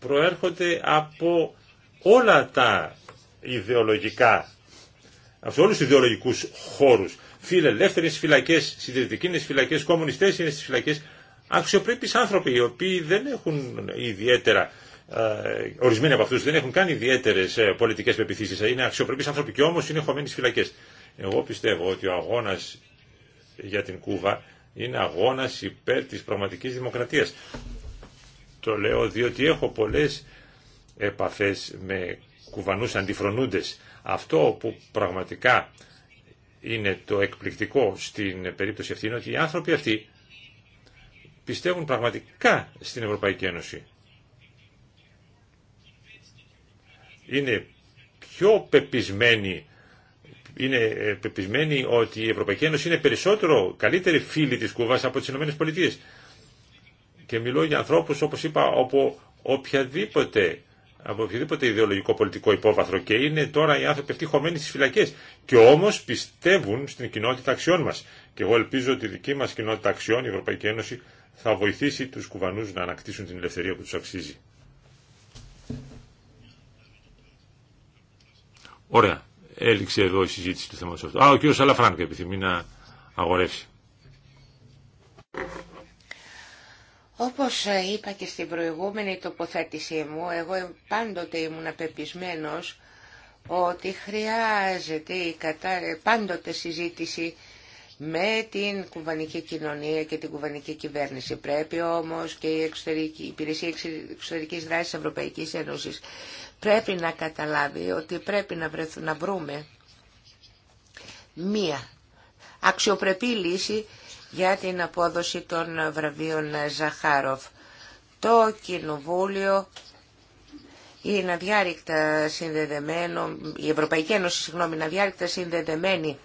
προέρχονται από όλα τα ιδεολογικά, από όλους τους ιδεολογικούς χώρους. Φιλελεύθερες φυλακές, στις φυλακές, κομμουνιστές είναι στις φυλακές, αξιοπρέπεις άνθρωποι οι οποίοι δεν έχουν ιδιαίτερα ε, ορισμένοι από αυτού δεν έχουν καν ιδιαίτερε πολιτικέ πεπιθήσει. Είναι αξιοπρεπεί άνθρωποι και όμω είναι χωμένοι φυλακέ. Εγώ πιστεύω ότι ο αγώνα για την Κούβα είναι αγώνα υπέρ τη πραγματική δημοκρατία. Το λέω διότι έχω πολλές επαφές με κουβανούς αντιφρονούντες. Αυτό που πραγματικά είναι το εκπληκτικό στην περίπτωση αυτή είναι ότι οι άνθρωποι αυτοί πιστεύουν πραγματικά στην Ευρωπαϊκή Ένωση. Είναι πιο πεπισμένοι είναι πεπισμένοι ότι η Ευρωπαϊκή Ένωση είναι περισσότερο καλύτερη φίλη της Κούβας από τις Ηνωμένες Πολιτείες. Και μιλώ για ανθρώπους, όπως είπα, από οποιαδήποτε οποιοδήποτε ιδεολογικό πολιτικό υπόβαθρο και είναι τώρα οι άνθρωποι αυτοί χωμένοι στις φυλακές και όμως πιστεύουν στην κοινότητα αξιών μας και εγώ ελπίζω ότι η δική μας κοινότητα αξιών η Ευρωπαϊκή Ένωση θα βοηθήσει τους κουβανούς να ανακτήσουν την ελευθερία που τους αξίζει. Ωραία. Έληξε εδώ η συζήτηση του θέματος αυτού. Α, ο κύριος και επιθυμεί να αγορεύσει. Όπως ε, είπα και στην προηγούμενη τοποθέτησή μου, εγώ ε, πάντοτε ήμουν πεπισμένος ότι χρειάζεται ε, πάντοτε συζήτηση με την κουβανική κοινωνία και την κουβανική κυβέρνηση. Πρέπει όμως και η, εξωτερική, η Υπηρεσία Εξωτερικής Δράσης Ευρωπαϊκής Ένωσης πρέπει να καταλάβει ότι πρέπει να, να βρούμε μία αξιοπρεπή λύση για την απόδοση των βραβείων Ζαχάροφ. Το Κοινοβούλιο είναι αδιάρρηκτα συνδεδεμένο, η Ευρωπαϊκή Ένωση, συγγνώμη, είναι αδιάρρηκτα συνδεδεμένη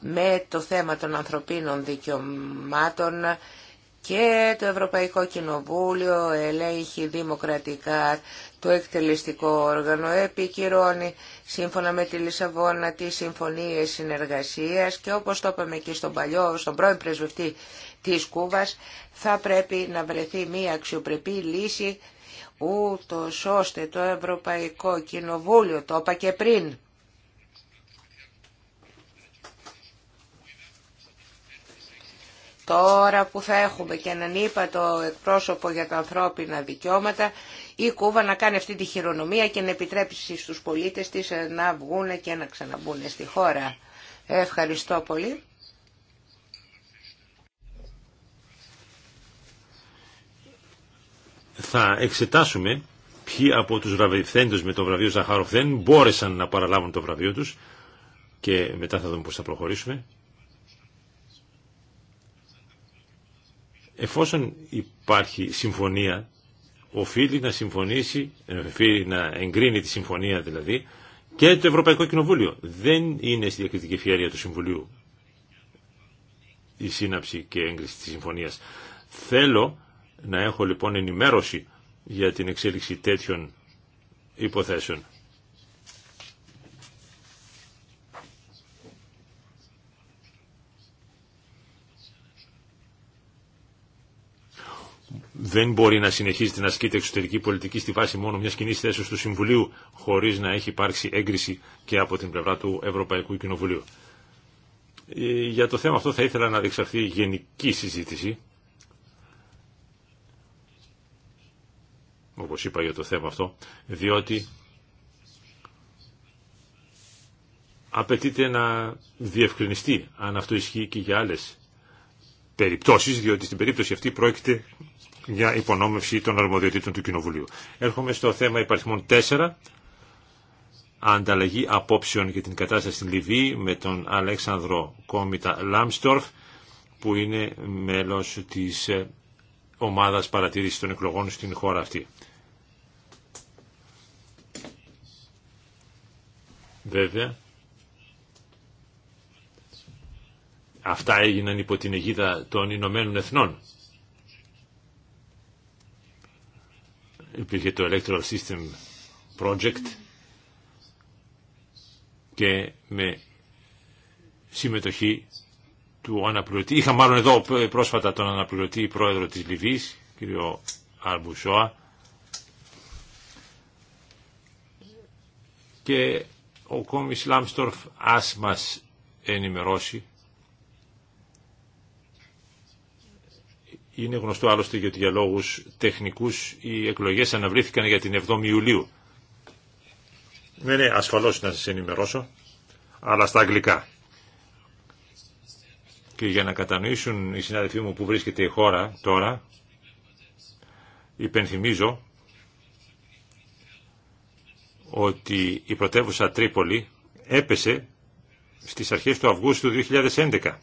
με το θέμα των ανθρωπίνων δικαιωμάτων και το Ευρωπαϊκό Κοινοβούλιο ελέγχει δημοκρατικά το εκτελεστικό όργανο, επικυρώνει σύμφωνα με τη Λισαβόνα τις συμφωνίες συνεργασίας και όπως το είπαμε και στον παλιό, στον πρώην πρεσβευτή της Κούβας, θα πρέπει να βρεθεί μία αξιοπρεπή λύση ούτως ώστε το Ευρωπαϊκό Κοινοβούλιο, το είπα και πριν, Τώρα που θα έχουμε και έναν είπα το εκπρόσωπο για τα ανθρώπινα δικαιώματα, η Κούβα να κάνει αυτή τη χειρονομία και να επιτρέψει στους πολίτες της ε, να βγουν και να ξαναμπούν στη χώρα. Ευχαριστώ πολύ. Θα εξετάσουμε ποιοι από τους βραβευθέντες με το βραβείο Ζαχάροφ δεν μπόρεσαν να παραλάβουν το βραβείο τους και μετά θα δούμε πώς θα προχωρήσουμε. Εφόσον υπάρχει συμφωνία, οφείλει να συμφωνήσει, ε, οφείλει να εγκρίνει τη συμφωνία δηλαδή, και το Ευρωπαϊκό Κοινοβούλιο. Δεν είναι στη διακριτική ευχαίρεια του Συμβουλίου η σύναψη και έγκριση της συμφωνίας. Θέλω να έχω λοιπόν ενημέρωση για την εξέλιξη τέτοιων υποθέσεων. δεν μπορεί να συνεχίζεται να ασκείται εξωτερική πολιτική στη βάση μόνο μια κοινή θέση του Συμβουλίου, χωρί να έχει υπάρξει έγκριση και από την πλευρά του Ευρωπαϊκού Κοινοβουλίου. Ε, για το θέμα αυτό θα ήθελα να διεξαχθεί γενική συζήτηση. Όπω είπα για το θέμα αυτό, διότι απαιτείται να διευκρινιστεί αν αυτό ισχύει και για άλλες περιπτώσεις, διότι στην περίπτωση αυτή πρόκειται για υπονόμευση των αρμοδιοτήτων του Κοινοβουλίου. Έρχομαι στο θέμα υπαριθμών 4, ανταλλαγή απόψεων για την κατάσταση στην Λιβύη με τον Αλέξανδρο Κόμιτα Λάμστορφ, που είναι μέλος της ε, ομάδας παρατήρησης των εκλογών στην χώρα αυτή. Βέβαια, αυτά έγιναν υπό την αιγίδα των Ηνωμένων Εθνών. υπήρχε το Electoral System Project και με συμμετοχή του αναπληρωτή, είχα μάλλον εδώ πρόσφατα τον αναπληρωτή πρόεδρο της Λιβύης, κύριο Αρμπουσόα, και ο Κόμις Λάμστορφ ας μας ενημερώσει Είναι γνωστό άλλωστε γιατί για λόγους τεχνικούς οι εκλογές αναβλήθηκαν για την 7η Ιουλίου. Ναι, ναι, ασφαλώς να σας ενημερώσω, αλλά στα αγγλικά. Και για να κατανοήσουν οι συνάδελφοί μου που βρίσκεται η χώρα τώρα, υπενθυμίζω ότι η πρωτεύουσα Τρίπολη έπεσε στις αρχές του Αυγούστου 2011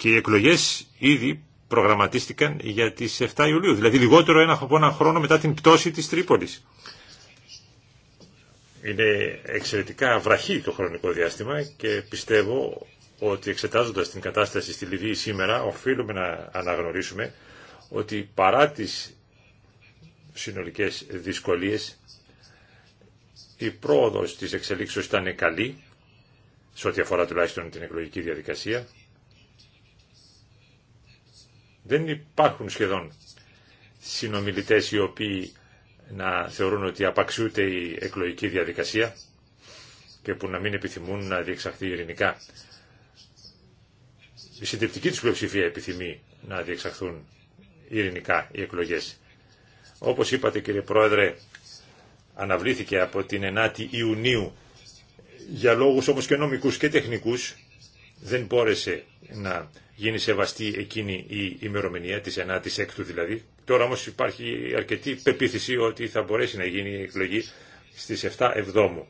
και οι εκλογές ήδη προγραμματίστηκαν για τις 7 Ιουλίου, δηλαδή λιγότερο ένα, από ένα χρόνο μετά την πτώση της Τρίπολης. Είναι εξαιρετικά βραχή το χρονικό διάστημα και πιστεύω ότι εξετάζοντας την κατάσταση στη Λιβύη σήμερα οφείλουμε να αναγνωρίσουμε ότι παρά τις συνολικές δυσκολίες η πρόοδος της εξελίξεως ήταν καλή σε ό,τι αφορά τουλάχιστον την εκλογική διαδικασία δεν υπάρχουν σχεδόν συνομιλητές οι οποίοι να θεωρούν ότι απαξιούται η εκλογική διαδικασία και που να μην επιθυμούν να διεξαχθεί ειρηνικά. Η συντριπτική τους πλειοψηφία επιθυμεί να διεξαχθούν ειρηνικά οι εκλογές. Όπως είπατε κύριε Πρόεδρε, αναβλήθηκε από την 9η Ιουνίου για λόγους όμως και νομικούς και τεχνικούς δεν μπόρεσε να γίνει σεβαστή εκείνη η ημερομηνία της 9ης έκτου δηλαδή. Τώρα όμως υπάρχει αρκετή πεποίθηση ότι θα μπορέσει να γίνει η εκλογή στις 7 Εβδόμου.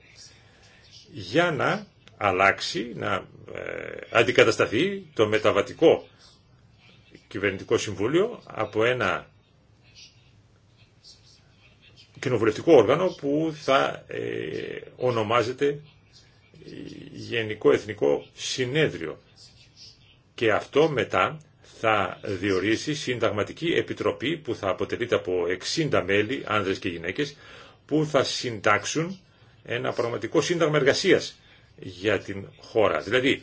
Για να αλλάξει, να ε, αντικατασταθεί το μεταβατικό κυβερνητικό συμβούλιο από ένα κοινοβουλευτικό όργανο που θα ε, ονομάζεται Γενικό Εθνικό Συνέδριο και αυτό μετά θα διορίσει συνταγματική επιτροπή που θα αποτελείται από 60 μέλη, άνδρες και γυναίκες, που θα συντάξουν ένα πραγματικό σύνταγμα εργασίας για την χώρα. Δηλαδή,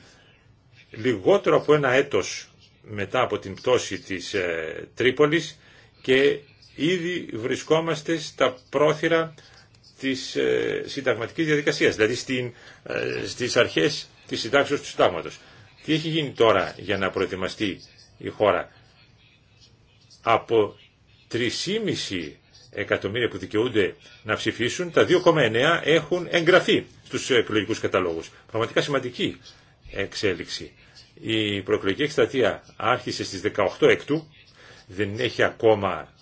λιγότερο από ένα έτος μετά από την πτώση της ε, Τρίπολης και ήδη βρισκόμαστε στα πρόθυρα της ε, συνταγματικής διαδικασίας, δηλαδή στην, ε, στις αρχές της συντάξεως του συντάγματος. Τι έχει γίνει τώρα για να προετοιμαστεί η χώρα από 3,5 εκατομμύρια που δικαιούνται να ψηφίσουν, τα 2,9 έχουν εγγραφεί στους εκλογικού καταλόγους. Πραγματικά σημαντική εξέλιξη. Η προεκλογική εκστρατεία άρχισε στις 18 εκτού, δεν έχει ακόμα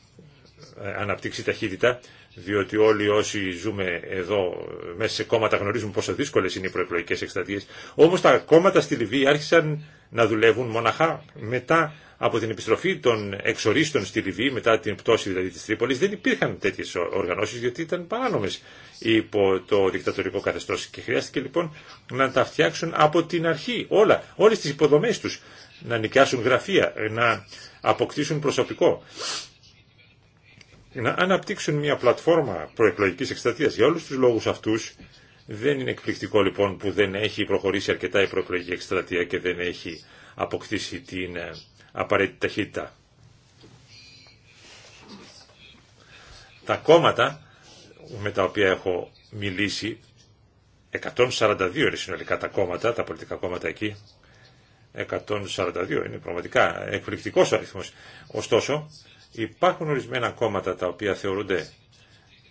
ε, αναπτύξει ταχύτητα διότι όλοι όσοι ζούμε εδώ μέσα σε κόμματα γνωρίζουμε πόσο δύσκολες είναι οι προεκλογικές εκστατείες. Όμως τα κόμματα στη Λιβύη άρχισαν να δουλεύουν μοναχά μετά από την επιστροφή των εξορίστων στη Λιβύη, μετά την πτώση δηλαδή της Τρίπολης, δεν υπήρχαν τέτοιες οργανώσεις γιατί ήταν παράνομες υπό το δικτατορικό καθεστώς και χρειάστηκε λοιπόν να τα φτιάξουν από την αρχή όλα, όλες τις υποδομές τους, να νοικιάσουν γραφεία, να αποκτήσουν προσωπικό να αναπτύξουν μια πλατφόρμα προεκλογικής εκστρατείας. Για όλους τους λόγους αυτούς δεν είναι εκπληκτικό λοιπόν που δεν έχει προχωρήσει αρκετά η προεκλογική εκστρατεία και δεν έχει αποκτήσει την ε, απαραίτητη ταχύτητα. Τα κόμματα με τα οποία έχω μιλήσει, 142 είναι συνολικά τα κόμματα, τα πολιτικά κόμματα εκεί, 142 είναι πραγματικά εκπληκτικός ο αριθμός. Ωστόσο, Υπάρχουν ορισμένα κόμματα τα οποία θεωρούνται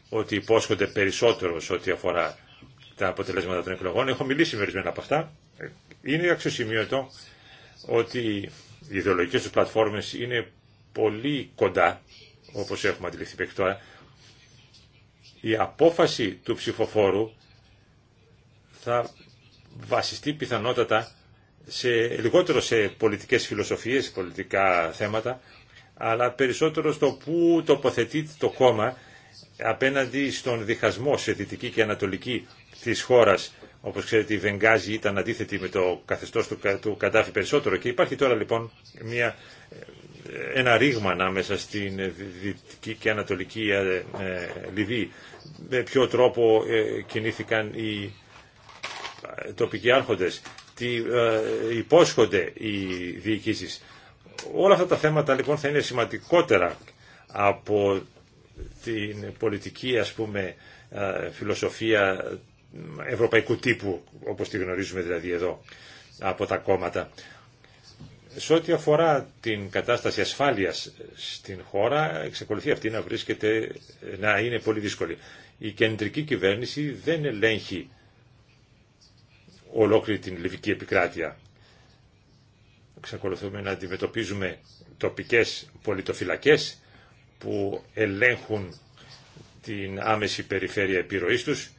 ότι υπόσχονται περισσότερο σε ό,τι αφορά τα αποτελέσματα των εκλογών. Έχω μιλήσει με ορισμένα από αυτά. Είναι αξιοσημείωτο ότι οι ιδεολογικές τους πλατφόρμες είναι πολύ κοντά, όπως έχουμε αντιληφθεί μέχρι τώρα. Η απόφαση του ψηφοφόρου θα βασιστεί πιθανότατα σε, λιγότερο σε πολιτικές φιλοσοφίες, πολιτικά θέματα, αλλά περισσότερο στο που τοποθετεί το κόμμα απέναντι στον διχασμό σε δυτική και ανατολική της χώρας. Όπως ξέρετε η Βενγάζη ήταν αντίθετη με το καθεστώς του, του Καντάφη περισσότερο και υπάρχει τώρα λοιπόν μια, ε, ένα ρήγμα ανάμεσα στην δυτική και ανατολική ε, ε, Λιβύη. Με ποιο τρόπο κινήθηκαν οι τοπικοί άρχοντες, τι υπόσχονται οι διοικήσεις. Όλα αυτά τα θέματα λοιπόν θα είναι σημαντικότερα από την πολιτική ας πούμε ε, φιλοσοφία ευρωπαϊκού τύπου όπως τη γνωρίζουμε δηλαδή εδώ από τα κόμματα. Σε ό,τι αφορά την κατάσταση ασφάλειας στην χώρα, εξακολουθεί αυτή να βρίσκεται, να είναι πολύ δύσκολη. Η κεντρική κυβέρνηση δεν ελέγχει ολόκληρη την λιβική επικράτεια. Ξεκολουθούμε να αντιμετωπίζουμε τοπικές πολιτοφυλακές που ελέγχουν την άμεση περιφέρεια επιρροής τους.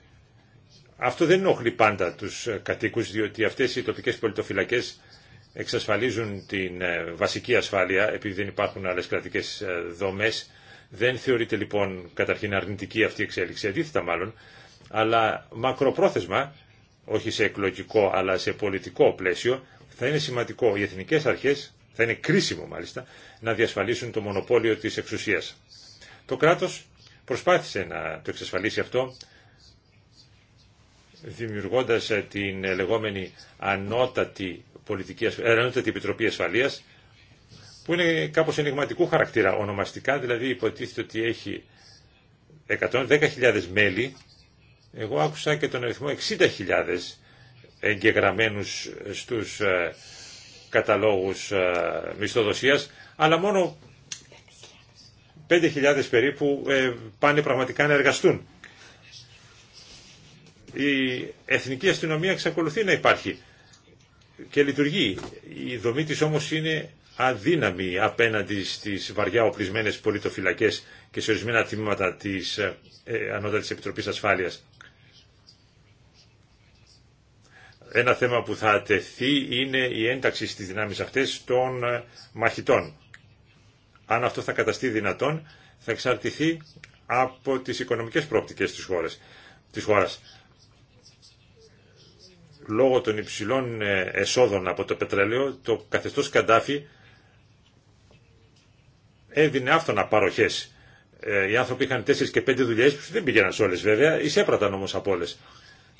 Αυτό δεν ενοχλεί πάντα τους κατοίκους, διότι αυτές οι τοπικές πολιτοφυλακές εξασφαλίζουν την ε, βασική ασφάλεια, επειδή δεν υπάρχουν άλλες κρατικές ε, δομές. Δεν θεωρείται λοιπόν καταρχήν αρνητική αυτή η εξέλιξη, αντίθετα μάλλον, αλλά μακροπρόθεσμα, όχι σε εκλογικό αλλά σε πολιτικό πλαίσιο, θα είναι σημαντικό οι εθνικές αρχές, θα είναι κρίσιμο μάλιστα, να διασφαλίσουν το μονοπόλιο της εξουσίας. Το κράτος προσπάθησε να το εξασφαλίσει αυτό, δημιουργώντας ε, την λεγόμενη ανώτατη, πολιτική, ε, ανώτατη Επιτροπή Ασφαλείας, που είναι κάπως ενηγματικού χαρακτήρα. Ονομαστικά δηλαδή υποτίθεται ότι έχει 110.000 μέλη, εγώ άκουσα και τον αριθμό 60.000 εγγεγραμμένους στους ε, καταλόγους ε, μισθοδοσίας, αλλά μόνο 5.000 περίπου ε, πάνε πραγματικά να εργαστούν. Η εθνική αστυνομία εξακολουθεί να υπάρχει και λειτουργεί. Η δομή της όμως είναι αδύναμη απέναντι στις βαριά οπλισμένες πολιτοφυλακές και σε ορισμένα τμήματα της ε, Ανώτατης Επιτροπής Ασφάλειας. Ένα θέμα που θα τεθεί είναι η ένταξη στις δυνάμεις αυτές των ε, μαχητών. Αν αυτό θα καταστεί δυνατόν, θα εξαρτηθεί από τις οικονομικές πρόπτικες της χώρας. Της χώρας. Λόγω των υψηλών ε, εσόδων από το πετρέλαιο, το καθεστώς Καντάφη έδινε αυτονα παροχές. Ε, οι άνθρωποι είχαν τέσσερις και πέντε δουλειές που δεν πήγαιναν σε όλες βέβαια, εισέπραταν όμως από όλες.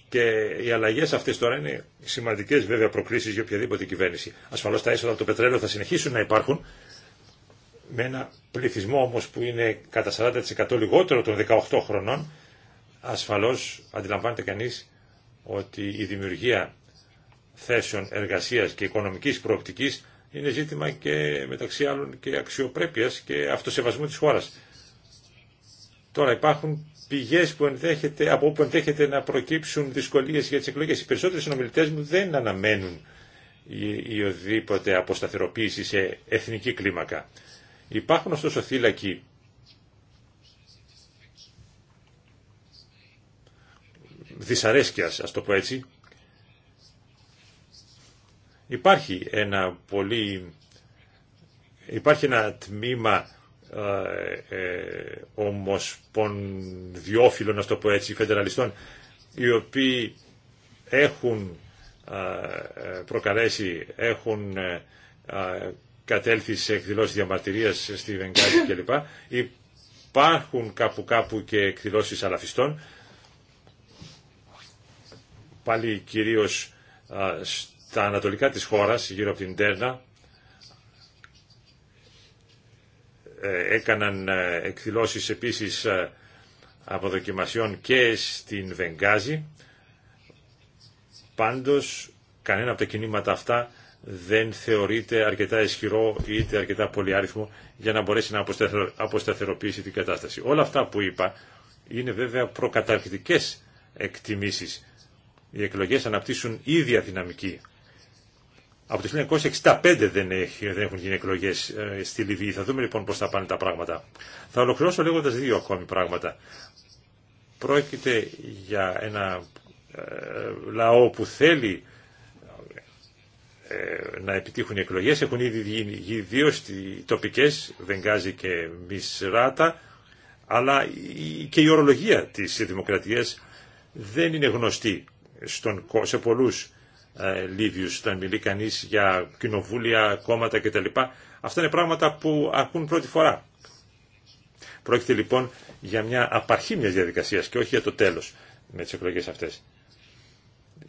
Και οι αλλαγέ αυτέ τώρα είναι σημαντικέ βέβαια προκλήσει για οποιαδήποτε κυβέρνηση. Ασφαλώ τα έσοδα από το πετρέλαιο θα συνεχίσουν να υπάρχουν με ένα πληθυσμό όμω που είναι κατά 40% λιγότερο των 18 χρονών. Ασφαλώ αντιλαμβάνεται κανεί ότι η δημιουργία θέσεων εργασία και οικονομική προοπτική είναι ζήτημα και μεταξύ άλλων και αξιοπρέπεια και αυτοσεβασμού τη χώρα. Τώρα υπάρχουν Πηγέ που ενδέχεται, από όπου ενδέχεται να προκύψουν δυσκολίε για τι εκλογέ. Οι περισσότεροι συνομιλητές μου δεν αναμένουν ή οδήποτε αποσταθεροποίηση σε εθνική κλίμακα. Υπάρχουν ωστόσο θύλακοι δυσαρέσκειας, ας το πω έτσι. Υπάρχει ένα πολύ... Υπάρχει ένα τμήμα ε, ε, ομοσπονδιόφιλων, να το πω έτσι, φεντεραλιστών, οι οποίοι έχουν ε, ε, προκαλέσει, έχουν ε, κατέλθει σε εκδηλώσεις διαμαρτυρίας στη Βενγκάζη κλπ. Υπάρχουν κάπου κάπου και εκδηλώσεις αλαφιστών, πάλι κυρίως στα ανατολικά της χώρας, γύρω από την Τέρνα, Ε, έκαναν ε, εκδηλώσεις επίσης ε, αποδοκιμασιών και στην Βενγάζη. Πάντως, κανένα από τα κινήματα αυτά δεν θεωρείται αρκετά ισχυρό είτε αρκετά πολυάριθμο για να μπορέσει να αποσταθεροποιήσει την κατάσταση. Όλα αυτά που είπα είναι βέβαια προκαταρκτικές εκτιμήσεις. Οι εκλογές αναπτύσσουν ίδια δυναμική από το 1965 δεν, έχει, δεν έχουν γίνει εκλογέ ε, στη Λιβύη. Θα δούμε λοιπόν πώ θα πάνε τα πράγματα. Θα ολοκληρώσω λέγοντα δύο ακόμη πράγματα. Πρόκειται για ένα ε, λαό που θέλει ε, να επιτύχουν οι εκλογέ. Έχουν ήδη γίνει δύο τοπικέ, Βενγκάζη και Μισράτα. Αλλά και η ορολογία της δημοκρατίας δεν είναι γνωστή στον, σε πολλούς ε, Λίβιου όταν μιλεί κανεί για κοινοβούλια, κόμματα κτλ. Αυτά είναι πράγματα που ακούν πρώτη φορά. Πρόκειται λοιπόν για μια απαρχή μια διαδικασία και όχι για το τέλο με τι εκλογέ αυτέ.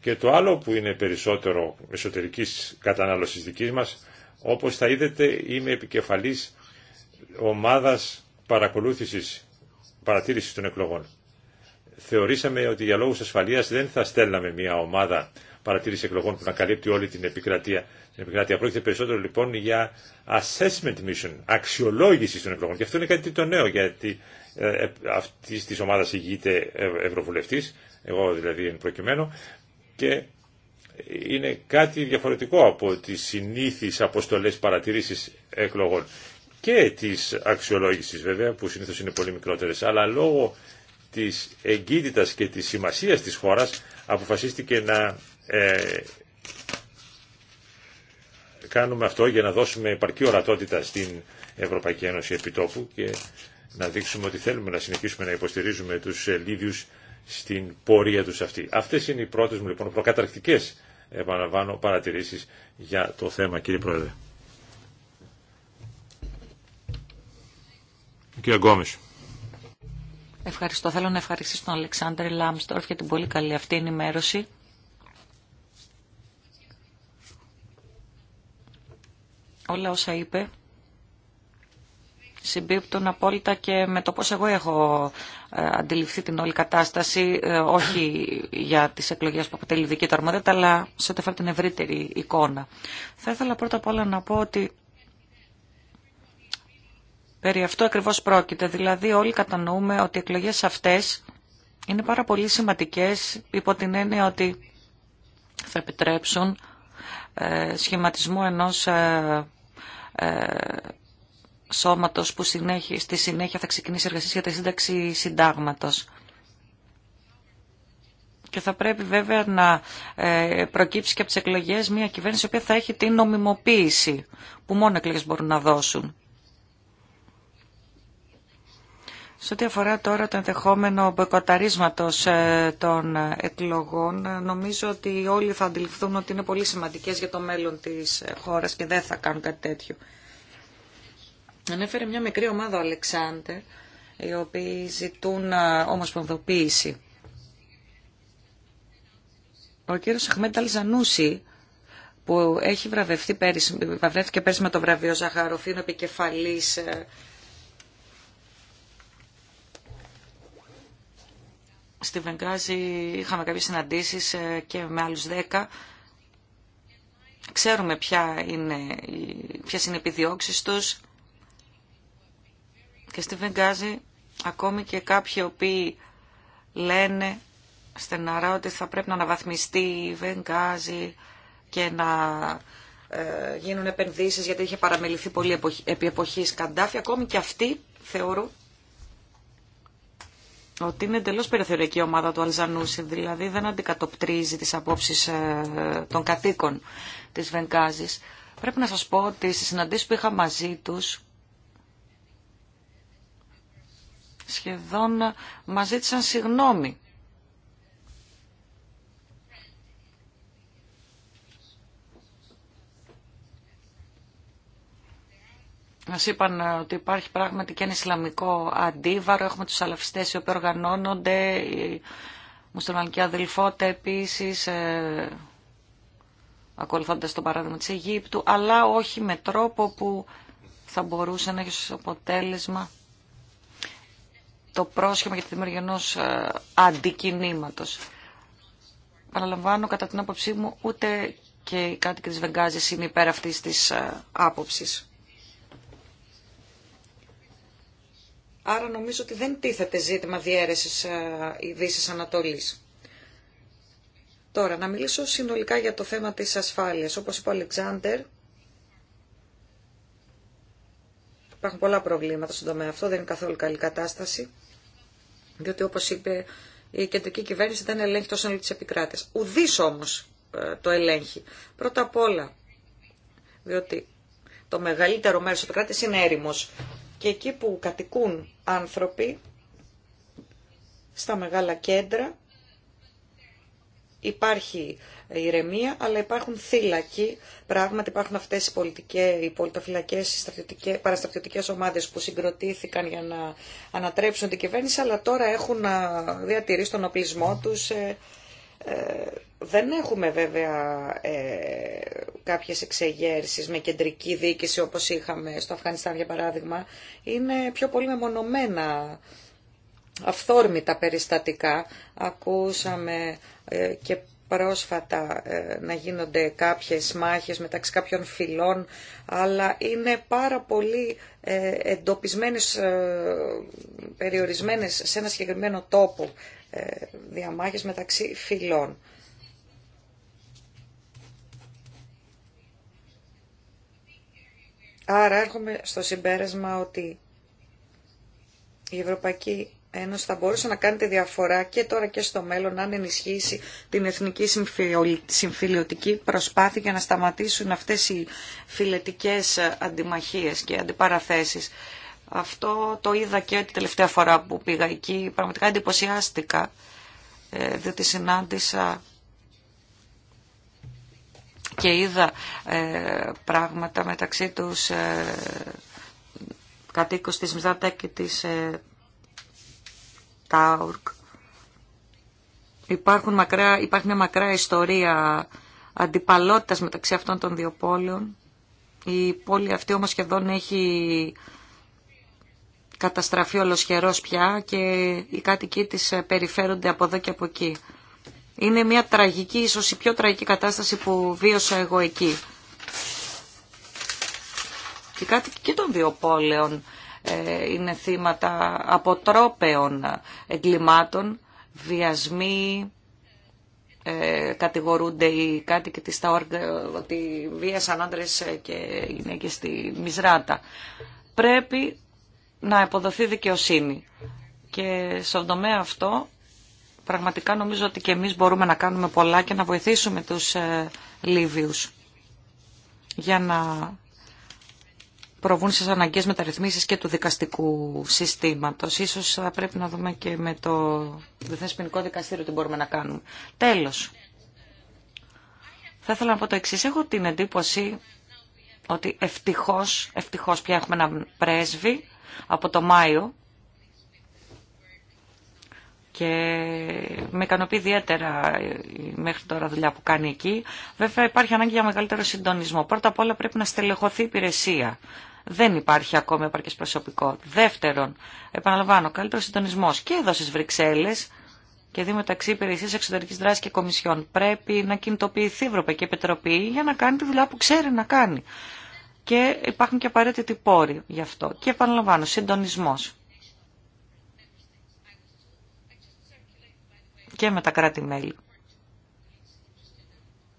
Και το άλλο που είναι περισσότερο εσωτερική κατανάλωση δική μα, όπως θα είδετε είμαι επικεφαλή ομάδας παρακολούθηση παρατήρηση των εκλογών. Θεωρήσαμε ότι για λόγους ασφαλείας δεν θα στέλναμε μια ομάδα παρατήρηση εκλογών που να καλύπτει όλη την επικρατεία. Την επικρατεία πρόκειται περισσότερο λοιπόν για assessment mission, αξιολόγηση των εκλογών. Και αυτό είναι κάτι το νέο, γιατί ε, ε αυτή τη ομάδα ηγείται ευρωβουλευτή, εγώ δηλαδή εν προκειμένου, και είναι κάτι διαφορετικό από τι συνήθει αποστολέ παρατήρηση εκλογών και τη αξιολόγηση, βέβαια που συνήθω είναι πολύ μικρότερε, αλλά λόγω τη εγκύτητα και τη σημασία τη χώρα αποφασίστηκε να ε, κάνουμε αυτό για να δώσουμε επαρκή ορατότητα στην Ευρωπαϊκή Ένωση επιτόπου και να δείξουμε ότι θέλουμε να συνεχίσουμε να υποστηρίζουμε τους Λίβιους στην πορεία τους αυτή. Αυτές είναι οι πρώτες μου λοιπόν προκαταρκτικές επαναλαμβάνω παρατηρήσεις για το θέμα κύριε Πρόεδρε. Κύριε Γκόμης. Ευχαριστώ. Θέλω να ευχαριστήσω τον Αλεξάνδρ Λάμστορφ για την πολύ καλή αυτή ενημέρωση. όλα όσα είπε συμπίπτουν απόλυτα και με το πώς εγώ έχω ε, αντιληφθεί την όλη κατάσταση, ε, όχι για τις εκλογές που αποτελεί δική του αρμοδέτα, αλλά σε ό,τι την ευρύτερη εικόνα. Θα ήθελα πρώτα απ' όλα να πω ότι περί αυτού ακριβώς πρόκειται. Δηλαδή όλοι κατανοούμε ότι οι εκλογές αυτές είναι πάρα πολύ σημαντικές υπό την έννοια ότι θα επιτρέψουν ε, σχηματισμό ενός ε, σώματος που συνέχει, στη συνέχεια θα ξεκινήσει εργασία για τη σύνταξη συντάγματος. Και θα πρέπει βέβαια να ε, προκύψει και από τις εκλογές μια κυβέρνηση η οποία θα έχει την νομιμοποίηση που μόνο εκλογές μπορούν να δώσουν. Σε ό,τι αφορά τώρα το ενδεχόμενο μποϊκοταρίσματος ε, των ε, εκλογών, ε, νομίζω ότι όλοι θα αντιληφθούν ότι είναι πολύ σημαντικές για το μέλλον της χώρας και δεν θα κάνουν κάτι τέτοιο. Ανέφερε μια μικρή ομάδα ο Αλεξάνδερ, οι οποίοι ζητούν ομοσπονδοποίηση. Ο κύριος Αχμέντα Ζανούση, που έχει βραβευτεί πέρυσι, βραβεύτηκε με το βραβείο Ζαχαροφίνο επικεφαλής Στη Βενγκάζη είχαμε κάποιες συναντήσεις ε, και με άλλους δέκα. Ξέρουμε ποια είναι, ποιες είναι οι επιδιώξεις τους. Και στη Βενγκάζη ακόμη και κάποιοι οποίοι λένε στεναρά ότι θα πρέπει να αναβαθμιστεί η Βενγκάζη και να ε, γίνουν επενδύσεις γιατί είχε παραμεληθεί πολύ επί εποχής Καντάφη. Ακόμη και αυτοί θεωρούν ότι είναι εντελώ περιθωριακή ομάδα του Αλζανούση, δηλαδή δεν αντικατοπτρίζει τις απόψεις ε, των κατοίκων της Βενγκάζη. Πρέπει να σας πω ότι στι συναντήσει που είχα μαζί τους, σχεδόν ε, μας ζήτησαν συγγνώμη Μας είπαν ε, ότι υπάρχει πράγματι και ένα Ισλαμικό αντίβαρο, έχουμε τους αλαφιστές οι οποίοι οργανώνονται, η μουσουλμανικοί αδελφότητα επίσης, ε, ακολουθώντας το παράδειγμα της Αιγύπτου, αλλά όχι με τρόπο που θα μπορούσε να έχει ως αποτέλεσμα το πρόσχημα για τη δημιουργία ενός ε, αντικινήματος. Παραλαμβάνω κατά την άποψή μου ούτε και οι κάτοικοι της Βεγγάζης είναι υπέρ αυτής της ε, Άρα νομίζω ότι δεν τίθεται ζήτημα διαίρεσης ε, Δύσης Ανατολής. Τώρα, να μιλήσω συνολικά για το θέμα της ασφάλειας. Όπως είπε ο Αλεξάνδερ, υπάρχουν πολλά προβλήματα στον τομέα αυτό, δεν είναι καθόλου καλή κατάσταση, διότι όπως είπε η κεντρική κυβέρνηση δεν ελέγχει τόσο όλοι τις επικράτες. Ουδής όμως ε, το ελέγχει. Πρώτα απ' όλα, διότι το μεγαλύτερο μέρος της επικράτησης είναι έρημος και εκεί που κατοικούν άνθρωποι, στα μεγάλα κέντρα, υπάρχει ηρεμία, αλλά υπάρχουν θύλακοι. Πράγματι υπάρχουν αυτές οι, πολιτικές, οι πολιτοφυλακές, οι παραστρατιωτικές ομάδες που συγκροτήθηκαν για να ανατρέψουν την κυβέρνηση, αλλά τώρα έχουν διατηρήσει τον οπλισμό τους, ε, ε, δεν έχουμε βέβαια ε, κάποιες εξεγέρσεις με κεντρική διοίκηση όπως είχαμε στο Αφγανιστάν για παράδειγμα. Είναι πιο πολύ μεμονωμένα αυθόρμητα περιστατικά. Ακούσαμε ε, και πρόσφατα ε, να γίνονται κάποιες μάχες μεταξύ κάποιων φυλών, αλλά είναι πάρα πολύ ε, εντοπισμένες, ε, περιορισμένες σε ένα συγκεκριμένο τόπο διαμάχες μεταξύ φυλών. Άρα έρχομαι στο συμπέρασμα ότι η Ευρωπαϊκή Ένωση θα μπορούσε να κάνει τη διαφορά και τώρα και στο μέλλον αν ενισχύσει την εθνική συμφιλιωτική προσπάθεια για να σταματήσουν αυτές οι φιλετικές αντιμαχίες και αντιπαραθέσεις. Αυτό το είδα και την τελευταία φορά που πήγα εκεί. Πραγματικά εντυπωσιάστηκα ε, διότι συνάντησα και είδα ε, πράγματα μεταξύ τους ε, κατοίκους της Μιζάτα και της ε, Τάουρκ. Υπάρχουν μακρά, υπάρχει μια μακρά ιστορία αντιπαλότητας μεταξύ αυτών των δύο πόλεων. Η πόλη αυτή όμως σχεδόν έχει καταστραφεί ολοσχερός πια και οι κάτοικοί της περιφέρονται από εδώ και από εκεί. Είναι μια τραγική, ίσως η πιο τραγική κατάσταση που βίωσα εγώ εκεί. Και κάτι και των δύο πόλεων ε, είναι θύματα αποτρόπαιων εγκλημάτων, βιασμοί, ε, κατηγορούνται οι κάτοικοι της ΤΑΟΡΚ ότι βίασαν άντρες και γυναίκες στη Μισράτα. Πρέπει να υποδοθεί δικαιοσύνη. Και στον τομέα αυτό Πραγματικά νομίζω ότι και εμείς μπορούμε να κάνουμε πολλά και να βοηθήσουμε τους ε, Λίβιους για να προβούν στις αναγκαίες μεταρρυθμίσεις και του δικαστικού συστήματος. Ίσως θα πρέπει να δούμε και με το Διεθνές Ποινικό Δικαστήριο τι μπορούμε να κάνουμε. Τέλος, θα ήθελα να πω το εξής. Έχω την εντύπωση ότι ευτυχώς, ευτυχώς πια έχουμε έναν πρέσβη από το Μάιο και με ικανοποιεί ιδιαίτερα μέχρι τώρα δουλειά που κάνει εκεί. Βέβαια υπάρχει ανάγκη για μεγαλύτερο συντονισμό. Πρώτα απ' όλα πρέπει να στελεχωθεί η υπηρεσία. Δεν υπάρχει ακόμη επαρκέ προσωπικό. Δεύτερον, επαναλαμβάνω, καλύτερο συντονισμό και εδώ στι Βρυξέλλε και δι' μεταξύ υπηρεσία εξωτερική δράση και κομισιών. Πρέπει να κινητοποιηθεί η Ευρωπαϊκή Επιτροπή για να κάνει τη δουλειά που ξέρει να κάνει. Και υπάρχουν και απαραίτητοι πόροι γι' αυτό. Και επαναλαμβάνω, συντονισμό. και με τα κράτη-μέλη.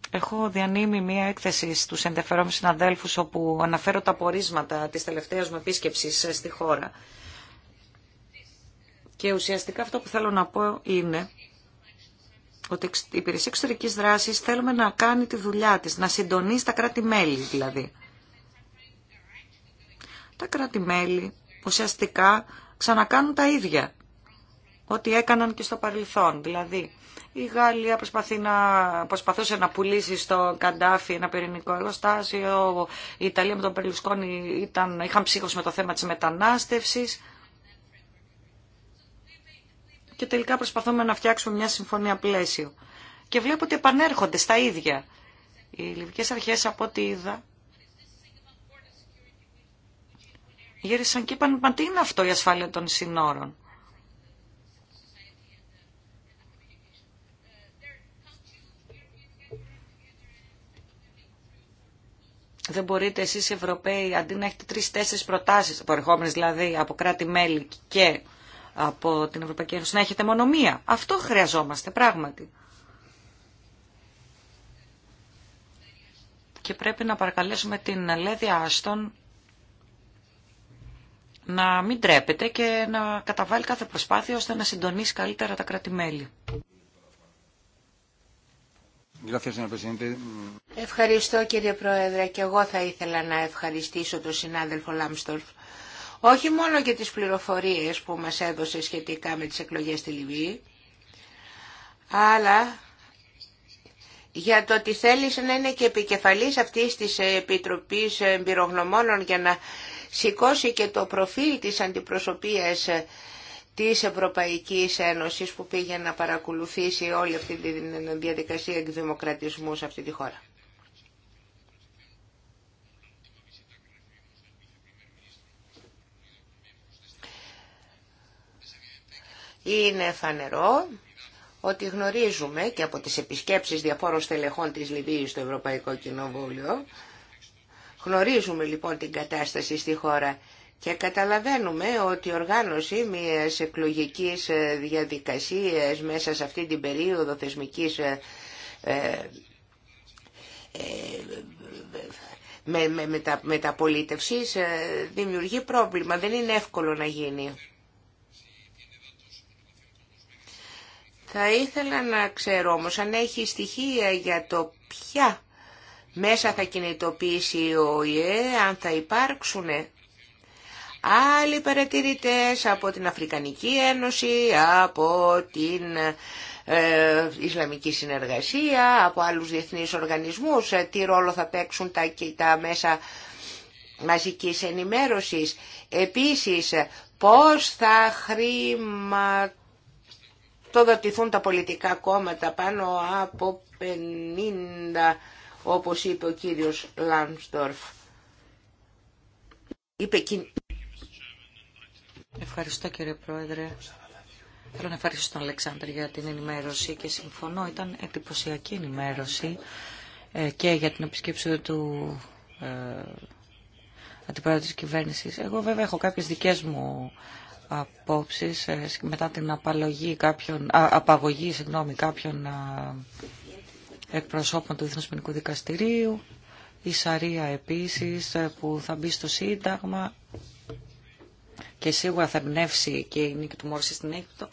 Έχω διανύμει μία έκθεση στους ενδιαφερόμενους συναδέλφους όπου αναφέρω τα πορίσματα της τελευταίας μου επίσκεψης στη χώρα. Και ουσιαστικά αυτό που θέλω να πω είναι ότι η υπηρεσία εξωτερικής δράσης θέλουμε να κάνει τη δουλειά της, να συντονίσει τα κράτη-μέλη δηλαδή. Τα κράτη-μέλη ουσιαστικά ξανακάνουν τα ίδια ό,τι έκαναν και στο παρελθόν. Δηλαδή, η Γαλλία προσπαθεί να, προσπαθούσε να πουλήσει στο Καντάφι ένα πυρηνικό εργοστάσιο, η Ιταλία με τον Περλουσκόνη ήταν, είχαν ψύχος με το θέμα της μετανάστευσης. Και τελικά προσπαθούμε να φτιάξουμε μια συμφωνία πλαίσιο. Και βλέπω ότι επανέρχονται στα ίδια. Οι λιβικές αρχές από ό,τι είδα γύρισαν και είπαν, μα τι είναι αυτό η ασφάλεια των συνόρων. δεν μπορείτε εσείς οι Ευρωπαίοι αντί να έχετε τρεις-τέσσερις προτάσεις, προερχόμενες δηλαδή από κράτη-μέλη και από την Ευρωπαϊκή Ένωση, να έχετε μόνο μία. Αυτό χρειαζόμαστε πράγματι. Και πρέπει να παρακαλέσουμε την Λέδια Άστον να μην τρέπεται και να καταβάλει κάθε προσπάθεια ώστε να συντονίσει καλύτερα τα κράτη-μέλη. Ευχαριστώ κύριε Πρόεδρε και εγώ θα ήθελα να ευχαριστήσω τον συνάδελφο Λάμστορφ όχι μόνο για τις πληροφορίες που μας έδωσε σχετικά με τις εκλογές στη Λιβύη αλλά για το ότι θέλησε να είναι και επικεφαλής αυτής της Επιτροπής Εμπειρογνωμόνων για να σηκώσει και το προφίλ της αντιπροσωπείας της Ευρωπαϊκής Ένωσης που πήγε να παρακολουθήσει όλη αυτή τη διαδικασία εκδημοκρατισμού σε αυτή τη χώρα. Είναι φανερό ότι γνωρίζουμε και από τις επισκέψεις διαφόρων στελεχών της Λιβύης στο Ευρωπαϊκό Κοινοβούλιο, γνωρίζουμε λοιπόν την κατάσταση στη χώρα και καταλαβαίνουμε ότι η οργάνωση μιας εκλογικής ε, διαδικασίας μέσα σε αυτή την περίοδο θεσμικής ε, ε, ε μεταπολίτευσης δημιουργεί πρόβλημα. Δεν είναι εύκολο να γίνει. Θα ήθελα να ξέρω όμως αν έχει στοιχεία για το ποια μέσα θα κινητοποιήσει ο ΙΕ, αν θα υπάρξουν άλλοι παρατηρητές από την Αφρικανική Ένωση, από την ε, Ισλαμική Συνεργασία, από άλλους διεθνείς οργανισμούς, ε, τι ρόλο θα παίξουν τα, τα μέσα μαζικής ενημέρωσης. Επίσης, πώς θα χρηματοδοτηθούν τα πολιτικά κόμματα πάνω από 50, όπως είπε ο κύριος Λάμστορφ. Είπε, Ευχαριστώ κύριε Πρόεδρε. Θέλω να ευχαριστήσω τον Αλεξάνδρ για την ενημέρωση και συμφωνώ, ήταν εντυπωσιακή ενημέρωση ε, και για την επισκέψη του ε, αντιπρόεδρου της Εγώ βέβαια έχω κάποιες δικές μου απόψεις ε, μετά την απαγωγή συγγνώμη, κάποιων εκπροσώπων του Διεθνούς Ποινικού Δικαστηρίου, η Σαρία επίσης ε, που θα μπει στο Σύνταγμα και σίγουρα θα εμπνεύσει και η νίκη του Μόρση στην Αίγυπτο.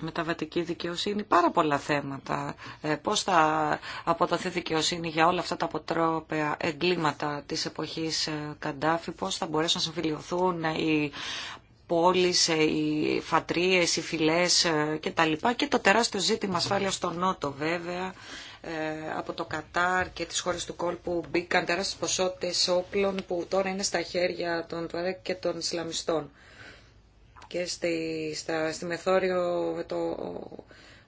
μεταβατική δικαιοσύνη, πάρα πολλά θέματα. Ε, πώς θα αποταθεί δικαιοσύνη για όλα αυτά τα αποτρόπαια εγκλήματα της εποχής ε, Καντάφη, πώς θα μπορέσουν να συμφιλειωθούν ε, οι πόλεις, ε, οι φατρίες, οι φυλές κτλ. Και το τεράστιο ζήτημα ασφάλειας στο Νότο βέβαια ε, από το Κατάρ και τις χώρες του κόλπου μπήκαν τεράστιες ποσότητες όπλων που τώρα είναι στα χέρια των Τουαρέκ και των Ισλαμιστών. Και στη, στη Μεθόριο με το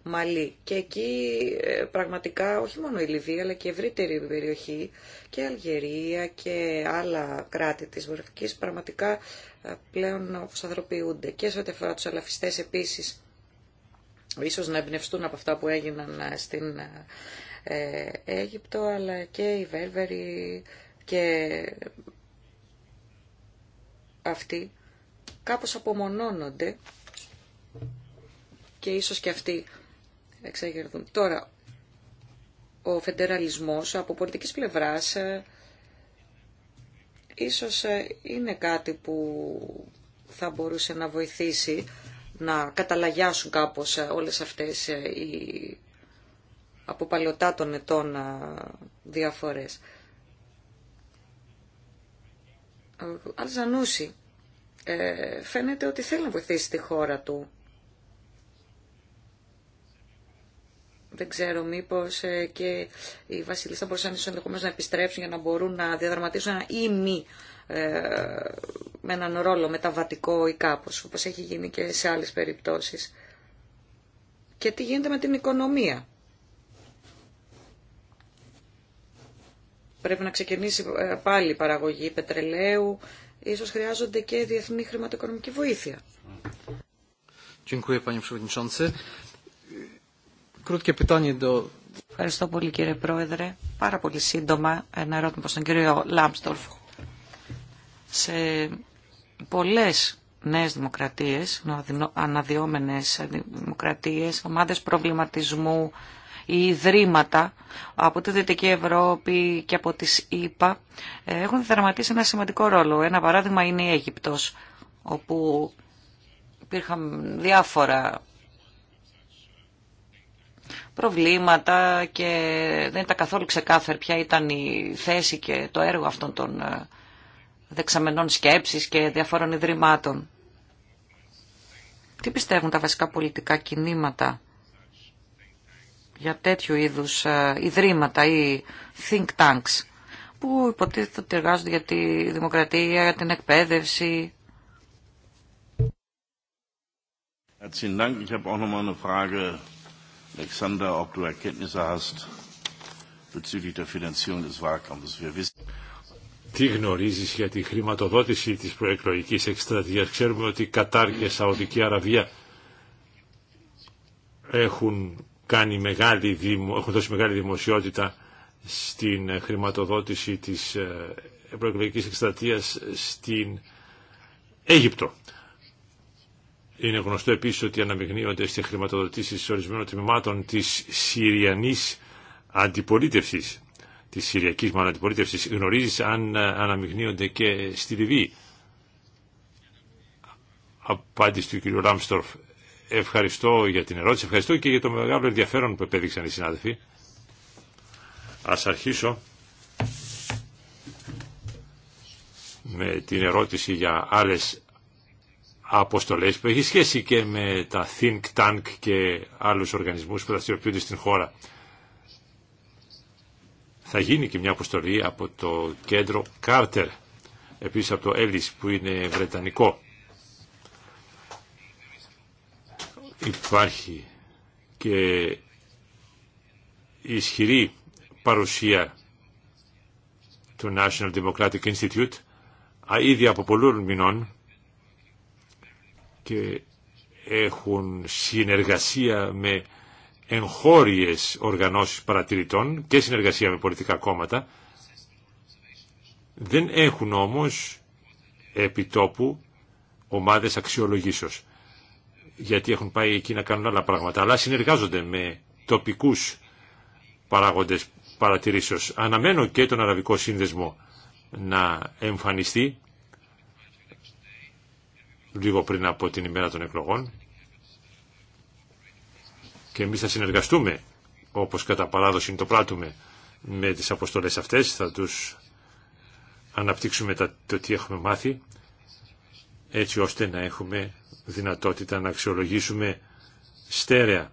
Μαλί. Και εκεί ε, πραγματικά όχι μόνο η Λιβύη αλλά και η ευρύτερη περιοχή και η Αλγερία και άλλα κράτη της Βορειοφικής πραγματικά ε, πλέον ανθρωποιούνται. Και σε ό,τι αφορά τους αλαφιστές επίσης ίσως να εμπνευστούν από αυτά που έγιναν ε, στην ε, Αίγυπτο, αλλά και οι Βέρβεροι και αυτοί κάπως απομονώνονται και ίσως και αυτοί εξαγερδούν. Τώρα, ο φεντεραλισμός από πολιτικής πλευράς ε, ίσως είναι κάτι που θα μπορούσε να βοηθήσει να καταλαγιάσουν κάπως ε, όλες αυτές ε, οι από παλαιοτά των ετών ε, διαφορές. Αλζανούση ε, φαίνεται ότι θέλει να βοηθήσει τη χώρα του. Δεν ξέρω μήπως και οι βασιλείς θα μπορούσαν ενδεχομένως να επιστρέψουν για να μπορούν να διαδραματίσουν ένα ή μη ε, με έναν ρόλο μεταβατικό ή κάπως, όπως έχει γίνει και σε άλλες περιπτώσεις. Και τι γίνεται με την οικονομία. Πρέπει να ξεκινήσει ε, πάλι η παραγωγή πετρελαίου. Ίσως χρειάζονται και διεθνή χρηματοοικονομική βοήθεια. Ευχαριστώ πολύ κύριε Πρόεδρε. Πάρα πολύ σύντομα ένα ερώτημα στον κύριο Λάμπστορφ σε πολλές νέες δημοκρατίες, αναδυόμενες δημοκρατίες, ομάδες προβληματισμού ή ιδρύματα από τη Δυτική Ευρώπη και από τις ΗΠΑ ε, έχουν δραματίσει ένα σημαντικό ρόλο. Ένα παράδειγμα είναι η Αίγυπτος, όπου υπήρχαν διάφορα προβλήματα και δεν ήταν καθόλου ξεκάθαρη ποια ήταν η θέση και το έργο αυτών των ε, δεξαμενών σκέψης και διαφόρων ιδρυμάτων. Τι πιστεύουν τα βασικά πολιτικά κινήματα για τέτοιου είδους ε, ιδρύματα ή think tanks που υποτίθεται ότι εργάζονται για τη δημοκρατία, για την εκπαίδευση τι γνωρίζεις για τη χρηματοδότηση της προεκλογικής εκστρατείας. Ξέρουμε ότι Κατάρ και Σαουδική Αραβία έχουν, κάνει μεγάλη, έχουν δώσει μεγάλη δημοσιότητα στην ε, χρηματοδότηση της ε, προεκλογικής εκστρατείας στην Αίγυπτο. Είναι γνωστό επίσης ότι αναμειγνύονται στις χρηματοδοτήσεις ορισμένων τμήματων της Συριανής αντιπολίτευσης της Συριακής μάλλον αντιπολίτευσης γνωρίζεις αν ε, αναμειγνύονται και στη Λιβύη. Απάντηση του κ. Ράμστορφ. Ευχαριστώ για την ερώτηση, ευχαριστώ και για το μεγάλο ενδιαφέρον που επέδειξαν οι συνάδελφοι. Ας αρχίσω με την ερώτηση για άλλες αποστολές που έχει σχέση και με τα think tank και άλλους οργανισμούς που δραστηριοποιούνται στην χώρα θα γίνει και μια αποστολή από το κέντρο Κάρτερ, επίσης από το Έλλης που είναι Βρετανικό. Υπάρχει και ισχυρή παρουσία του National Democratic Institute ήδη από πολλών μηνών και έχουν συνεργασία με εγχώριες οργανώσεις παρατηρητών και συνεργασία με πολιτικά κόμματα. Δεν έχουν όμως επιτόπου ομάδες αξιολογήσεως, γιατί έχουν πάει εκεί να κάνουν άλλα πράγματα, αλλά συνεργάζονται με τοπικούς παράγοντες παρατηρήσεως. Αναμένω και τον Αραβικό Σύνδεσμο να εμφανιστεί λίγο πριν από την ημέρα των εκλογών και εμείς θα συνεργαστούμε όπως κατά παράδοση το πράττουμε με τις αποστολές αυτές θα τους αναπτύξουμε το τι έχουμε μάθει έτσι ώστε να έχουμε δυνατότητα να αξιολογήσουμε στέρεα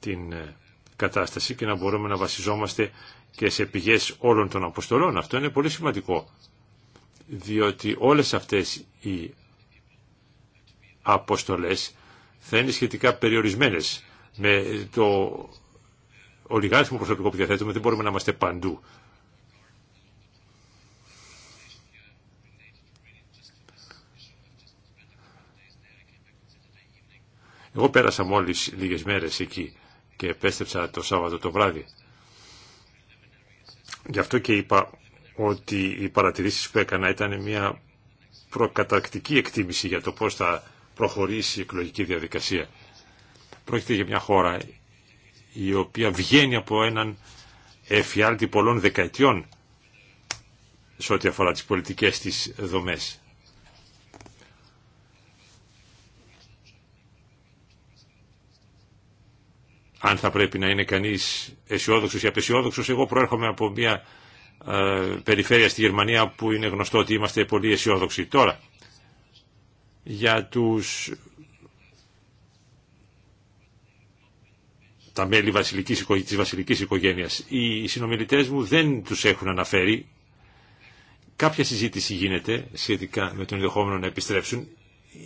την ε, κατάσταση και να μπορούμε να βασιζόμαστε και σε πηγές όλων των αποστολών. Αυτό είναι πολύ σημαντικό, διότι όλες αυτές οι αποστολές θα είναι σχετικά περιορισμένες με το ολιγάρισμο προσωπικό που διαθέτουμε δεν μπορούμε να είμαστε παντού. Εγώ πέρασα μόλις λίγες μέρες εκεί και επέστρεψα το Σάββατο το βράδυ. Γι' αυτό και είπα ότι οι παρατηρήσεις που έκανα ήταν μια προκατακτική εκτίμηση για το πώς θα προχωρήσει η εκλογική διαδικασία. Πρόκειται για μια χώρα η οποία βγαίνει από έναν εφιάλτη πολλών δεκαετιών σε ό,τι αφορά τις πολιτικές της δομές. Αν θα πρέπει να είναι κανείς αισιόδοξο ή απεσιόδοξο, εγώ προέρχομαι από μια ε, περιφέρεια στη Γερμανία που είναι γνωστό ότι είμαστε πολύ αισιόδοξοι. Τώρα, για τους τα μέλη βασιλικής, της βασιλικής οικογένειας. Οι συνομιλητές μου δεν τους έχουν αναφέρει. Κάποια συζήτηση γίνεται σχετικά με τον ενδεχόμενο να επιστρέψουν.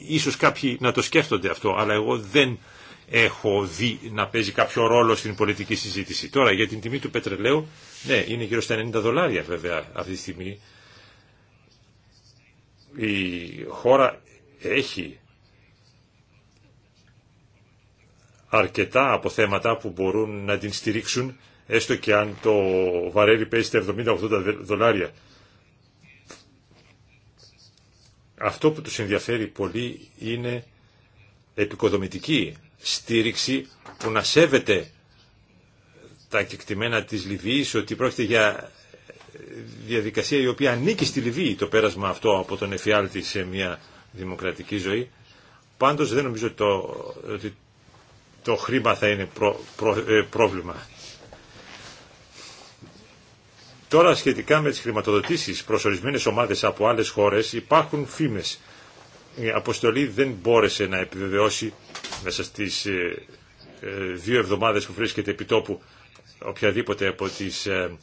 Ίσως κάποιοι να το σκέφτονται αυτό, αλλά εγώ δεν έχω δει να παίζει κάποιο ρόλο στην πολιτική συζήτηση. Τώρα για την τιμή του πετρελαίου, ναι, είναι γύρω στα 90 δολάρια βέβαια αυτή τη στιγμή. Η χώρα έχει αρκετά από θέματα που μπορούν να την στηρίξουν έστω και αν το βαρέλι παίζει τα 70-80 δολάρια. Αυτό που τους ενδιαφέρει πολύ είναι επικοδομητική στήριξη που να σέβεται τα κεκτημένα της Λιβύης ότι πρόκειται για διαδικασία η οποία ανήκει στη Λιβύη το πέρασμα αυτό από τον εφιάλτη σε μια δημοκρατική ζωή. Πάντως δεν νομίζω το, ότι το χρήμα θα είναι ε, πρόβλημα. Τώρα σχετικά με τις χρηματοδοτήσεις προς ορισμένες ομάδες από άλλες χώρες υπάρχουν φήμες. Η αποστολή δεν μπόρεσε να επιβεβαιώσει μέσα στις ε, ε, δύο εβδομάδες που βρίσκεται επιτόπου οποιαδήποτε από τις ε,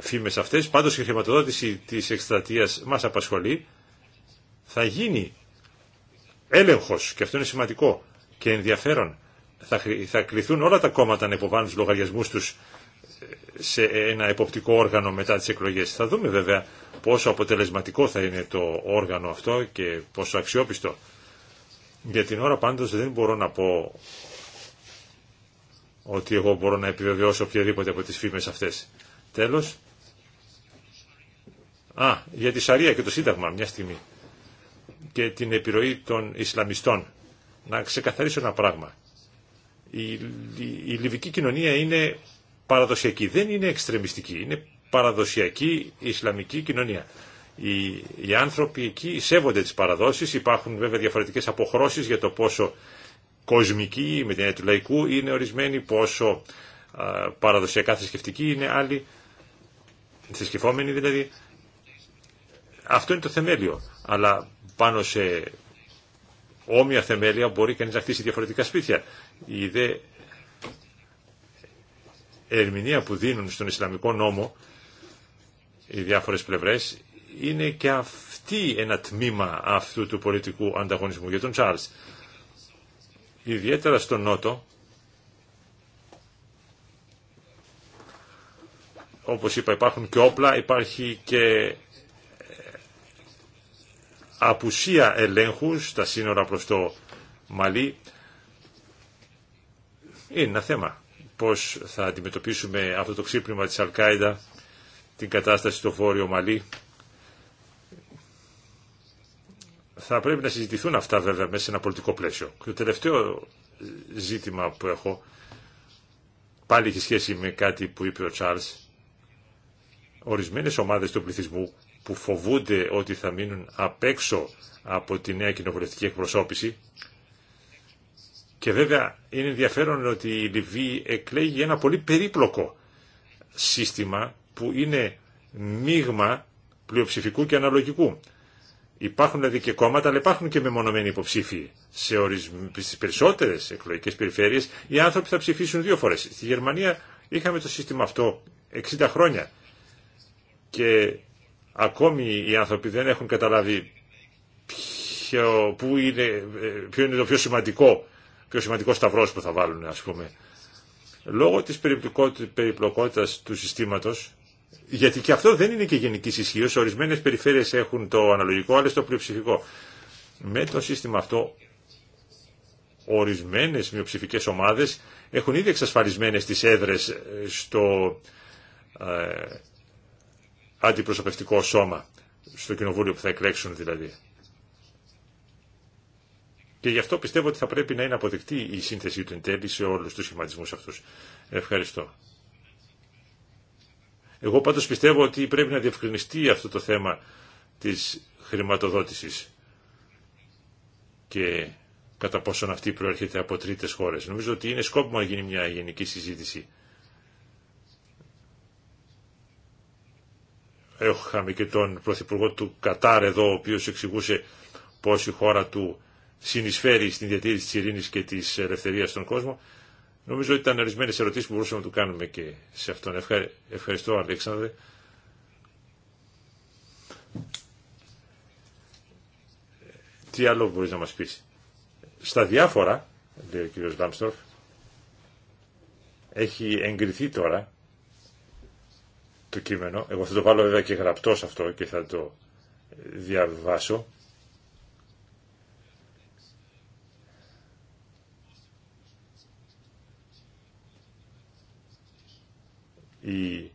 φήμες αυτές. Πάντως η χρηματοδότηση της εκστρατείας μας απασχολεί. Θα γίνει έλεγχος και αυτό είναι σημαντικό και ενδιαφέρον θα, θα κληθούν όλα τα κόμματα να υποβάλουν τους λογαριασμούς τους σε ένα εποπτικό όργανο μετά τις εκλογές. Θα δούμε βέβαια πόσο αποτελεσματικό θα είναι το όργανο αυτό και πόσο αξιόπιστο. Για την ώρα πάντως δεν μπορώ να πω ότι εγώ μπορώ να επιβεβαιώσω οποιαδήποτε από τις φήμες αυτές. Τέλος. Α, για τη Σαρία και το Σύνταγμα μια στιγμή. Και την επιρροή των Ισλαμιστών. Να ξεκαθαρίσω ένα πράγμα η, η, λιβική κοινωνία είναι παραδοσιακή, δεν είναι εξτρεμιστική, είναι παραδοσιακή Ισλαμική κοινωνία. Οι, άνθρωποι εκεί σέβονται τις παραδόσεις, υπάρχουν βέβαια διαφορετικές αποχρώσεις για το πόσο κοσμική με την έννοια του λαϊκού είναι ορισμένη, πόσο παραδοσιακά θρησκευτική είναι άλλοι, θρησκευόμενη δηλαδή. Αυτό είναι το θεμέλιο, αλλά πάνω σε όμοια θεμέλια μπορεί κανείς να χτίσει διαφορετικά σπίτια. Η ιδέα ερμηνεία που δίνουν στον Ισλαμικό νόμο οι διάφορες πλευρές είναι και αυτή ένα τμήμα αυτού του πολιτικού ανταγωνισμού για τον Τσάρλς. Ιδιαίτερα στον Νότο, όπως είπα υπάρχουν και όπλα, υπάρχει και απουσία ελέγχου στα σύνορα προς το Μαλί είναι ένα θέμα πώς θα αντιμετωπίσουμε αυτό το ξύπνημα της Αλκάιδα την κατάσταση στο Βόρειο Μαλί θα πρέπει να συζητηθούν αυτά βέβαια μέσα σε ένα πολιτικό πλαίσιο και το τελευταίο ζήτημα που έχω πάλι έχει σχέση με κάτι που είπε ο Τσάρλς ορισμένες ομάδες του πληθυσμού που φοβούνται ότι θα μείνουν απ' έξω από τη νέα κοινοβουλευτική εκπροσώπηση. Και βέβαια είναι ενδιαφέρον ότι η Λιβύη εκλέγει ένα πολύ περίπλοκο σύστημα που είναι μείγμα πλειοψηφικού και αναλογικού. Υπάρχουν δηλαδή και κόμματα, αλλά υπάρχουν και μεμονωμένοι υποψήφοι. Σε ορισ... στι περισσότερε εκλογικέ περιφέρειες οι άνθρωποι θα ψηφίσουν δύο φορέ. Στη Γερμανία είχαμε το σύστημα αυτό 60 χρόνια. Και ακόμη οι άνθρωποι δεν έχουν καταλάβει ποιο, που είναι, ε, ποιο είναι το πιο σημαντικό, πιο σημαντικό που θα βάλουν, ας πούμε. Λόγω της περιπλοκότητας του συστήματος, γιατί και αυτό δεν είναι και γενική ισχύω, ορισμένες περιφέρειες έχουν το αναλογικό, άλλες το πλειοψηφικό. Με το σύστημα αυτό, ορισμένες μειοψηφικές ομάδες έχουν ήδη εξασφαλισμένες τις έδρες ε, στο, ε, αντιπροσωπευτικό σώμα, στο κοινοβούλιο που θα εκλέξουν δηλαδή. Και γι' αυτό πιστεύω ότι θα πρέπει να είναι αποδεκτή η σύνθεση του εν τέλει σε όλους τους σχηματισμούς αυτούς. Ευχαριστώ. Εγώ πάντως πιστεύω ότι πρέπει να διευκρινιστεί αυτό το θέμα της χρηματοδότησης και κατά πόσον αυτή προέρχεται από τρίτες χώρες. Νομίζω ότι είναι σκόπιμο να γίνει μια γενική συζήτηση Έχαμε και τον Πρωθυπουργό του Κατάρ εδώ, ο οποίος εξηγούσε πώς η χώρα του συνεισφέρει στην διατήρηση της ειρήνης και της ελευθερίας στον κόσμο. Νομίζω ότι ήταν ορισμένε ερωτήσεις που μπορούσαμε να του κάνουμε και σε αυτόν. Ευχαριστώ, Αλέξανδρε. Τι άλλο μπορείς να μας πεις. Στα διάφορα, λέει ο κύριος Λάμστορφ, έχει εγκριθεί τώρα το κείμενο. Εγώ θα το βάλω βέβαια και γραπτό αυτό και θα το διαβάσω. Η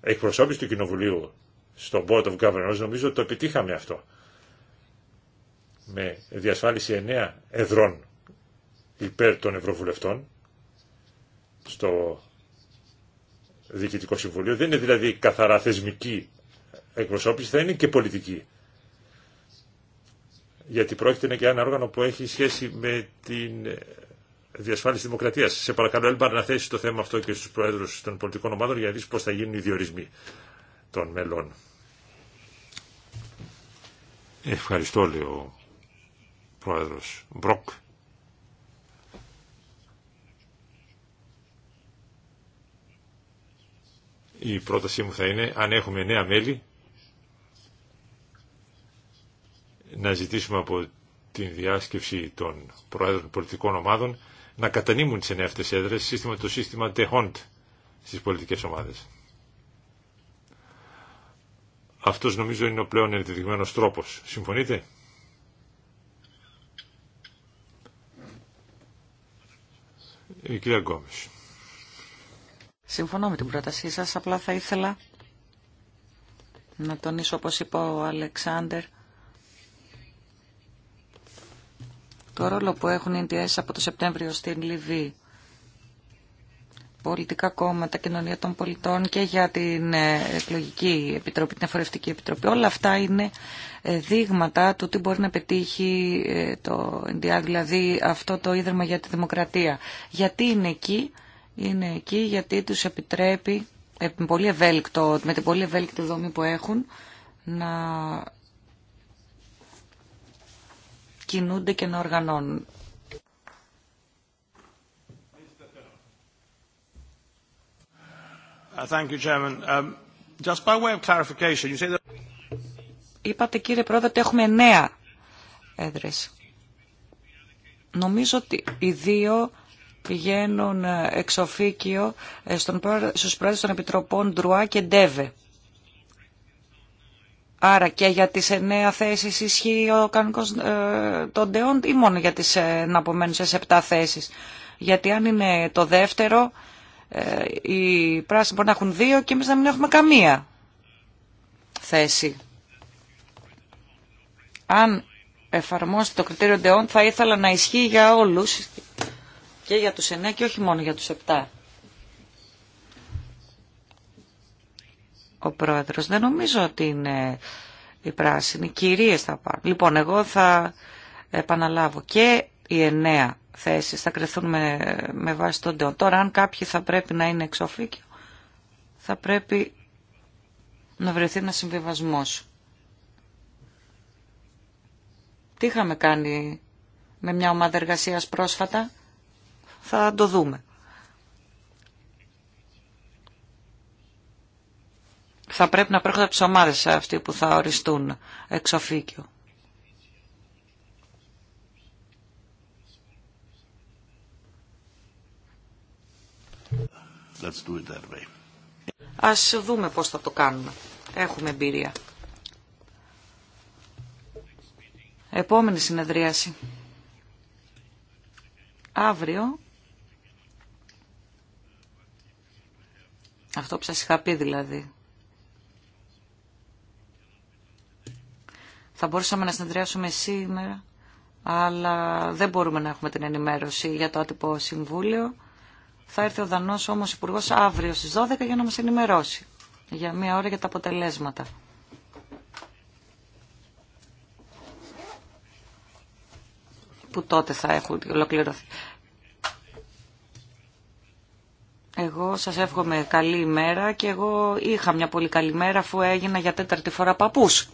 εκπροσώπηση του Κοινοβουλίου στο Board of Governors νομίζω ότι το επιτύχαμε αυτό. Με διασφάλιση εννέα εδρών υπέρ των Ευρωβουλευτών στο Διοικητικό Συμβουλίο. Δεν είναι δηλαδή καθαρά θεσμική εκπροσώπηση, θα είναι και πολιτική. Γιατί πρόκειται είναι και ένα όργανο που έχει σχέση με τη διασφάλιση δημοκρατία. Σε παρακαλώ, Έλμπαρ, να θέσει το θέμα αυτό και στου προέδρου των πολιτικών ομάδων για να δει πώ θα γίνουν οι διορισμοί των μελών. Ευχαριστώ, λέει ο πρόεδρο Μπροκ. Η πρότασή μου θα είναι, αν έχουμε νέα μέλη, να ζητήσουμε από την διάσκεψη των προέδρων πολιτικών ομάδων να κατανείμουν νέα αυτές έδρες σύστημα, το σύστημα hunt στις πολιτικές ομάδες. Αυτός νομίζω είναι ο πλέον ενδεδειγμένος τρόπος. Συμφωνείτε? Η ε, κυρία Γκόμης. Συμφωνώ με την πρότασή σας, απλά θα ήθελα να τονίσω όπως είπε ο Αλεξάνδερ το ρόλο που έχουν οι NTS από το Σεπτέμβριο στην Λιβύη πολιτικά κόμματα, κοινωνία των πολιτών και για την ε, εκλογική επιτροπή, την εφορευτική επιτροπή. Όλα αυτά είναι ε, δείγματα του τι μπορεί να πετύχει ε, το ΙΝΤΙΑ, δηλαδή αυτό το Ίδρυμα για τη Δημοκρατία. Γιατί είναι εκεί, είναι εκεί γιατί τους επιτρέπει ε, με, πολύ την πολύ ευέλικτη δομή που έχουν να κινούνται και να οργανώνουν. Είπατε κύριε Πρόεδρε ότι έχουμε εννέα έδρες. Νομίζω ότι οι δύο πηγαίνουν ε, εξοφίκιο ε, στον, στους πρόεδρους των Επιτροπών Ντρουά και Ντέβε. Άρα και για τις εννέα θέσεις ισχύει ο κανονικός ε, των ΤΕΟΝ ή μόνο για τις ε, επτά θέσεις. Γιατί αν είναι το δεύτερο, ε, οι πράσινοι μπορεί να έχουν δύο και εμείς να μην έχουμε καμία θέση. Αν εφαρμόσετε το κριτήριο ΤΕΟΝ θα ήθελα να ισχύει για όλους και για τους εννέα και όχι μόνο για τους επτά. Ο πρόεδρος δεν νομίζω ότι είναι οι πράσινοι, κυρίες θα πάρουν. Λοιπόν, εγώ θα επαναλάβω και οι εννέα θέσεις θα κρεθούν με, με βάση τον τεό. Τώρα αν κάποιοι θα πρέπει να είναι εξωφίκιο, θα πρέπει να βρεθεί ένα συμβιβασμός. Τι είχαμε κάνει με μια ομάδα εργασίας πρόσφατα θα το δούμε. Θα πρέπει να προέρχονται από τις ομάδες αυτοί που θα οριστούν εξοφίκιο. Let's Ας δούμε πώς θα το κάνουμε. Έχουμε εμπειρία. Επόμενη συνεδρίαση. Αύριο Αυτό που σας είχα πει δηλαδή. Θα μπορούσαμε να συνεδριάσουμε σήμερα, αλλά δεν μπορούμε να έχουμε την ενημέρωση για το άτυπο συμβούλιο. Θα έρθει ο Δανός όμως Υπουργός αύριο στις 12 για να μας ενημερώσει για μία ώρα για τα αποτελέσματα. Που τότε θα έχουν ολοκληρωθεί. Εγώ σας εύχομαι καλή ημέρα και εγώ είχα μια πολύ καλή μέρα αφού έγινα για τέταρτη φορά παππούς.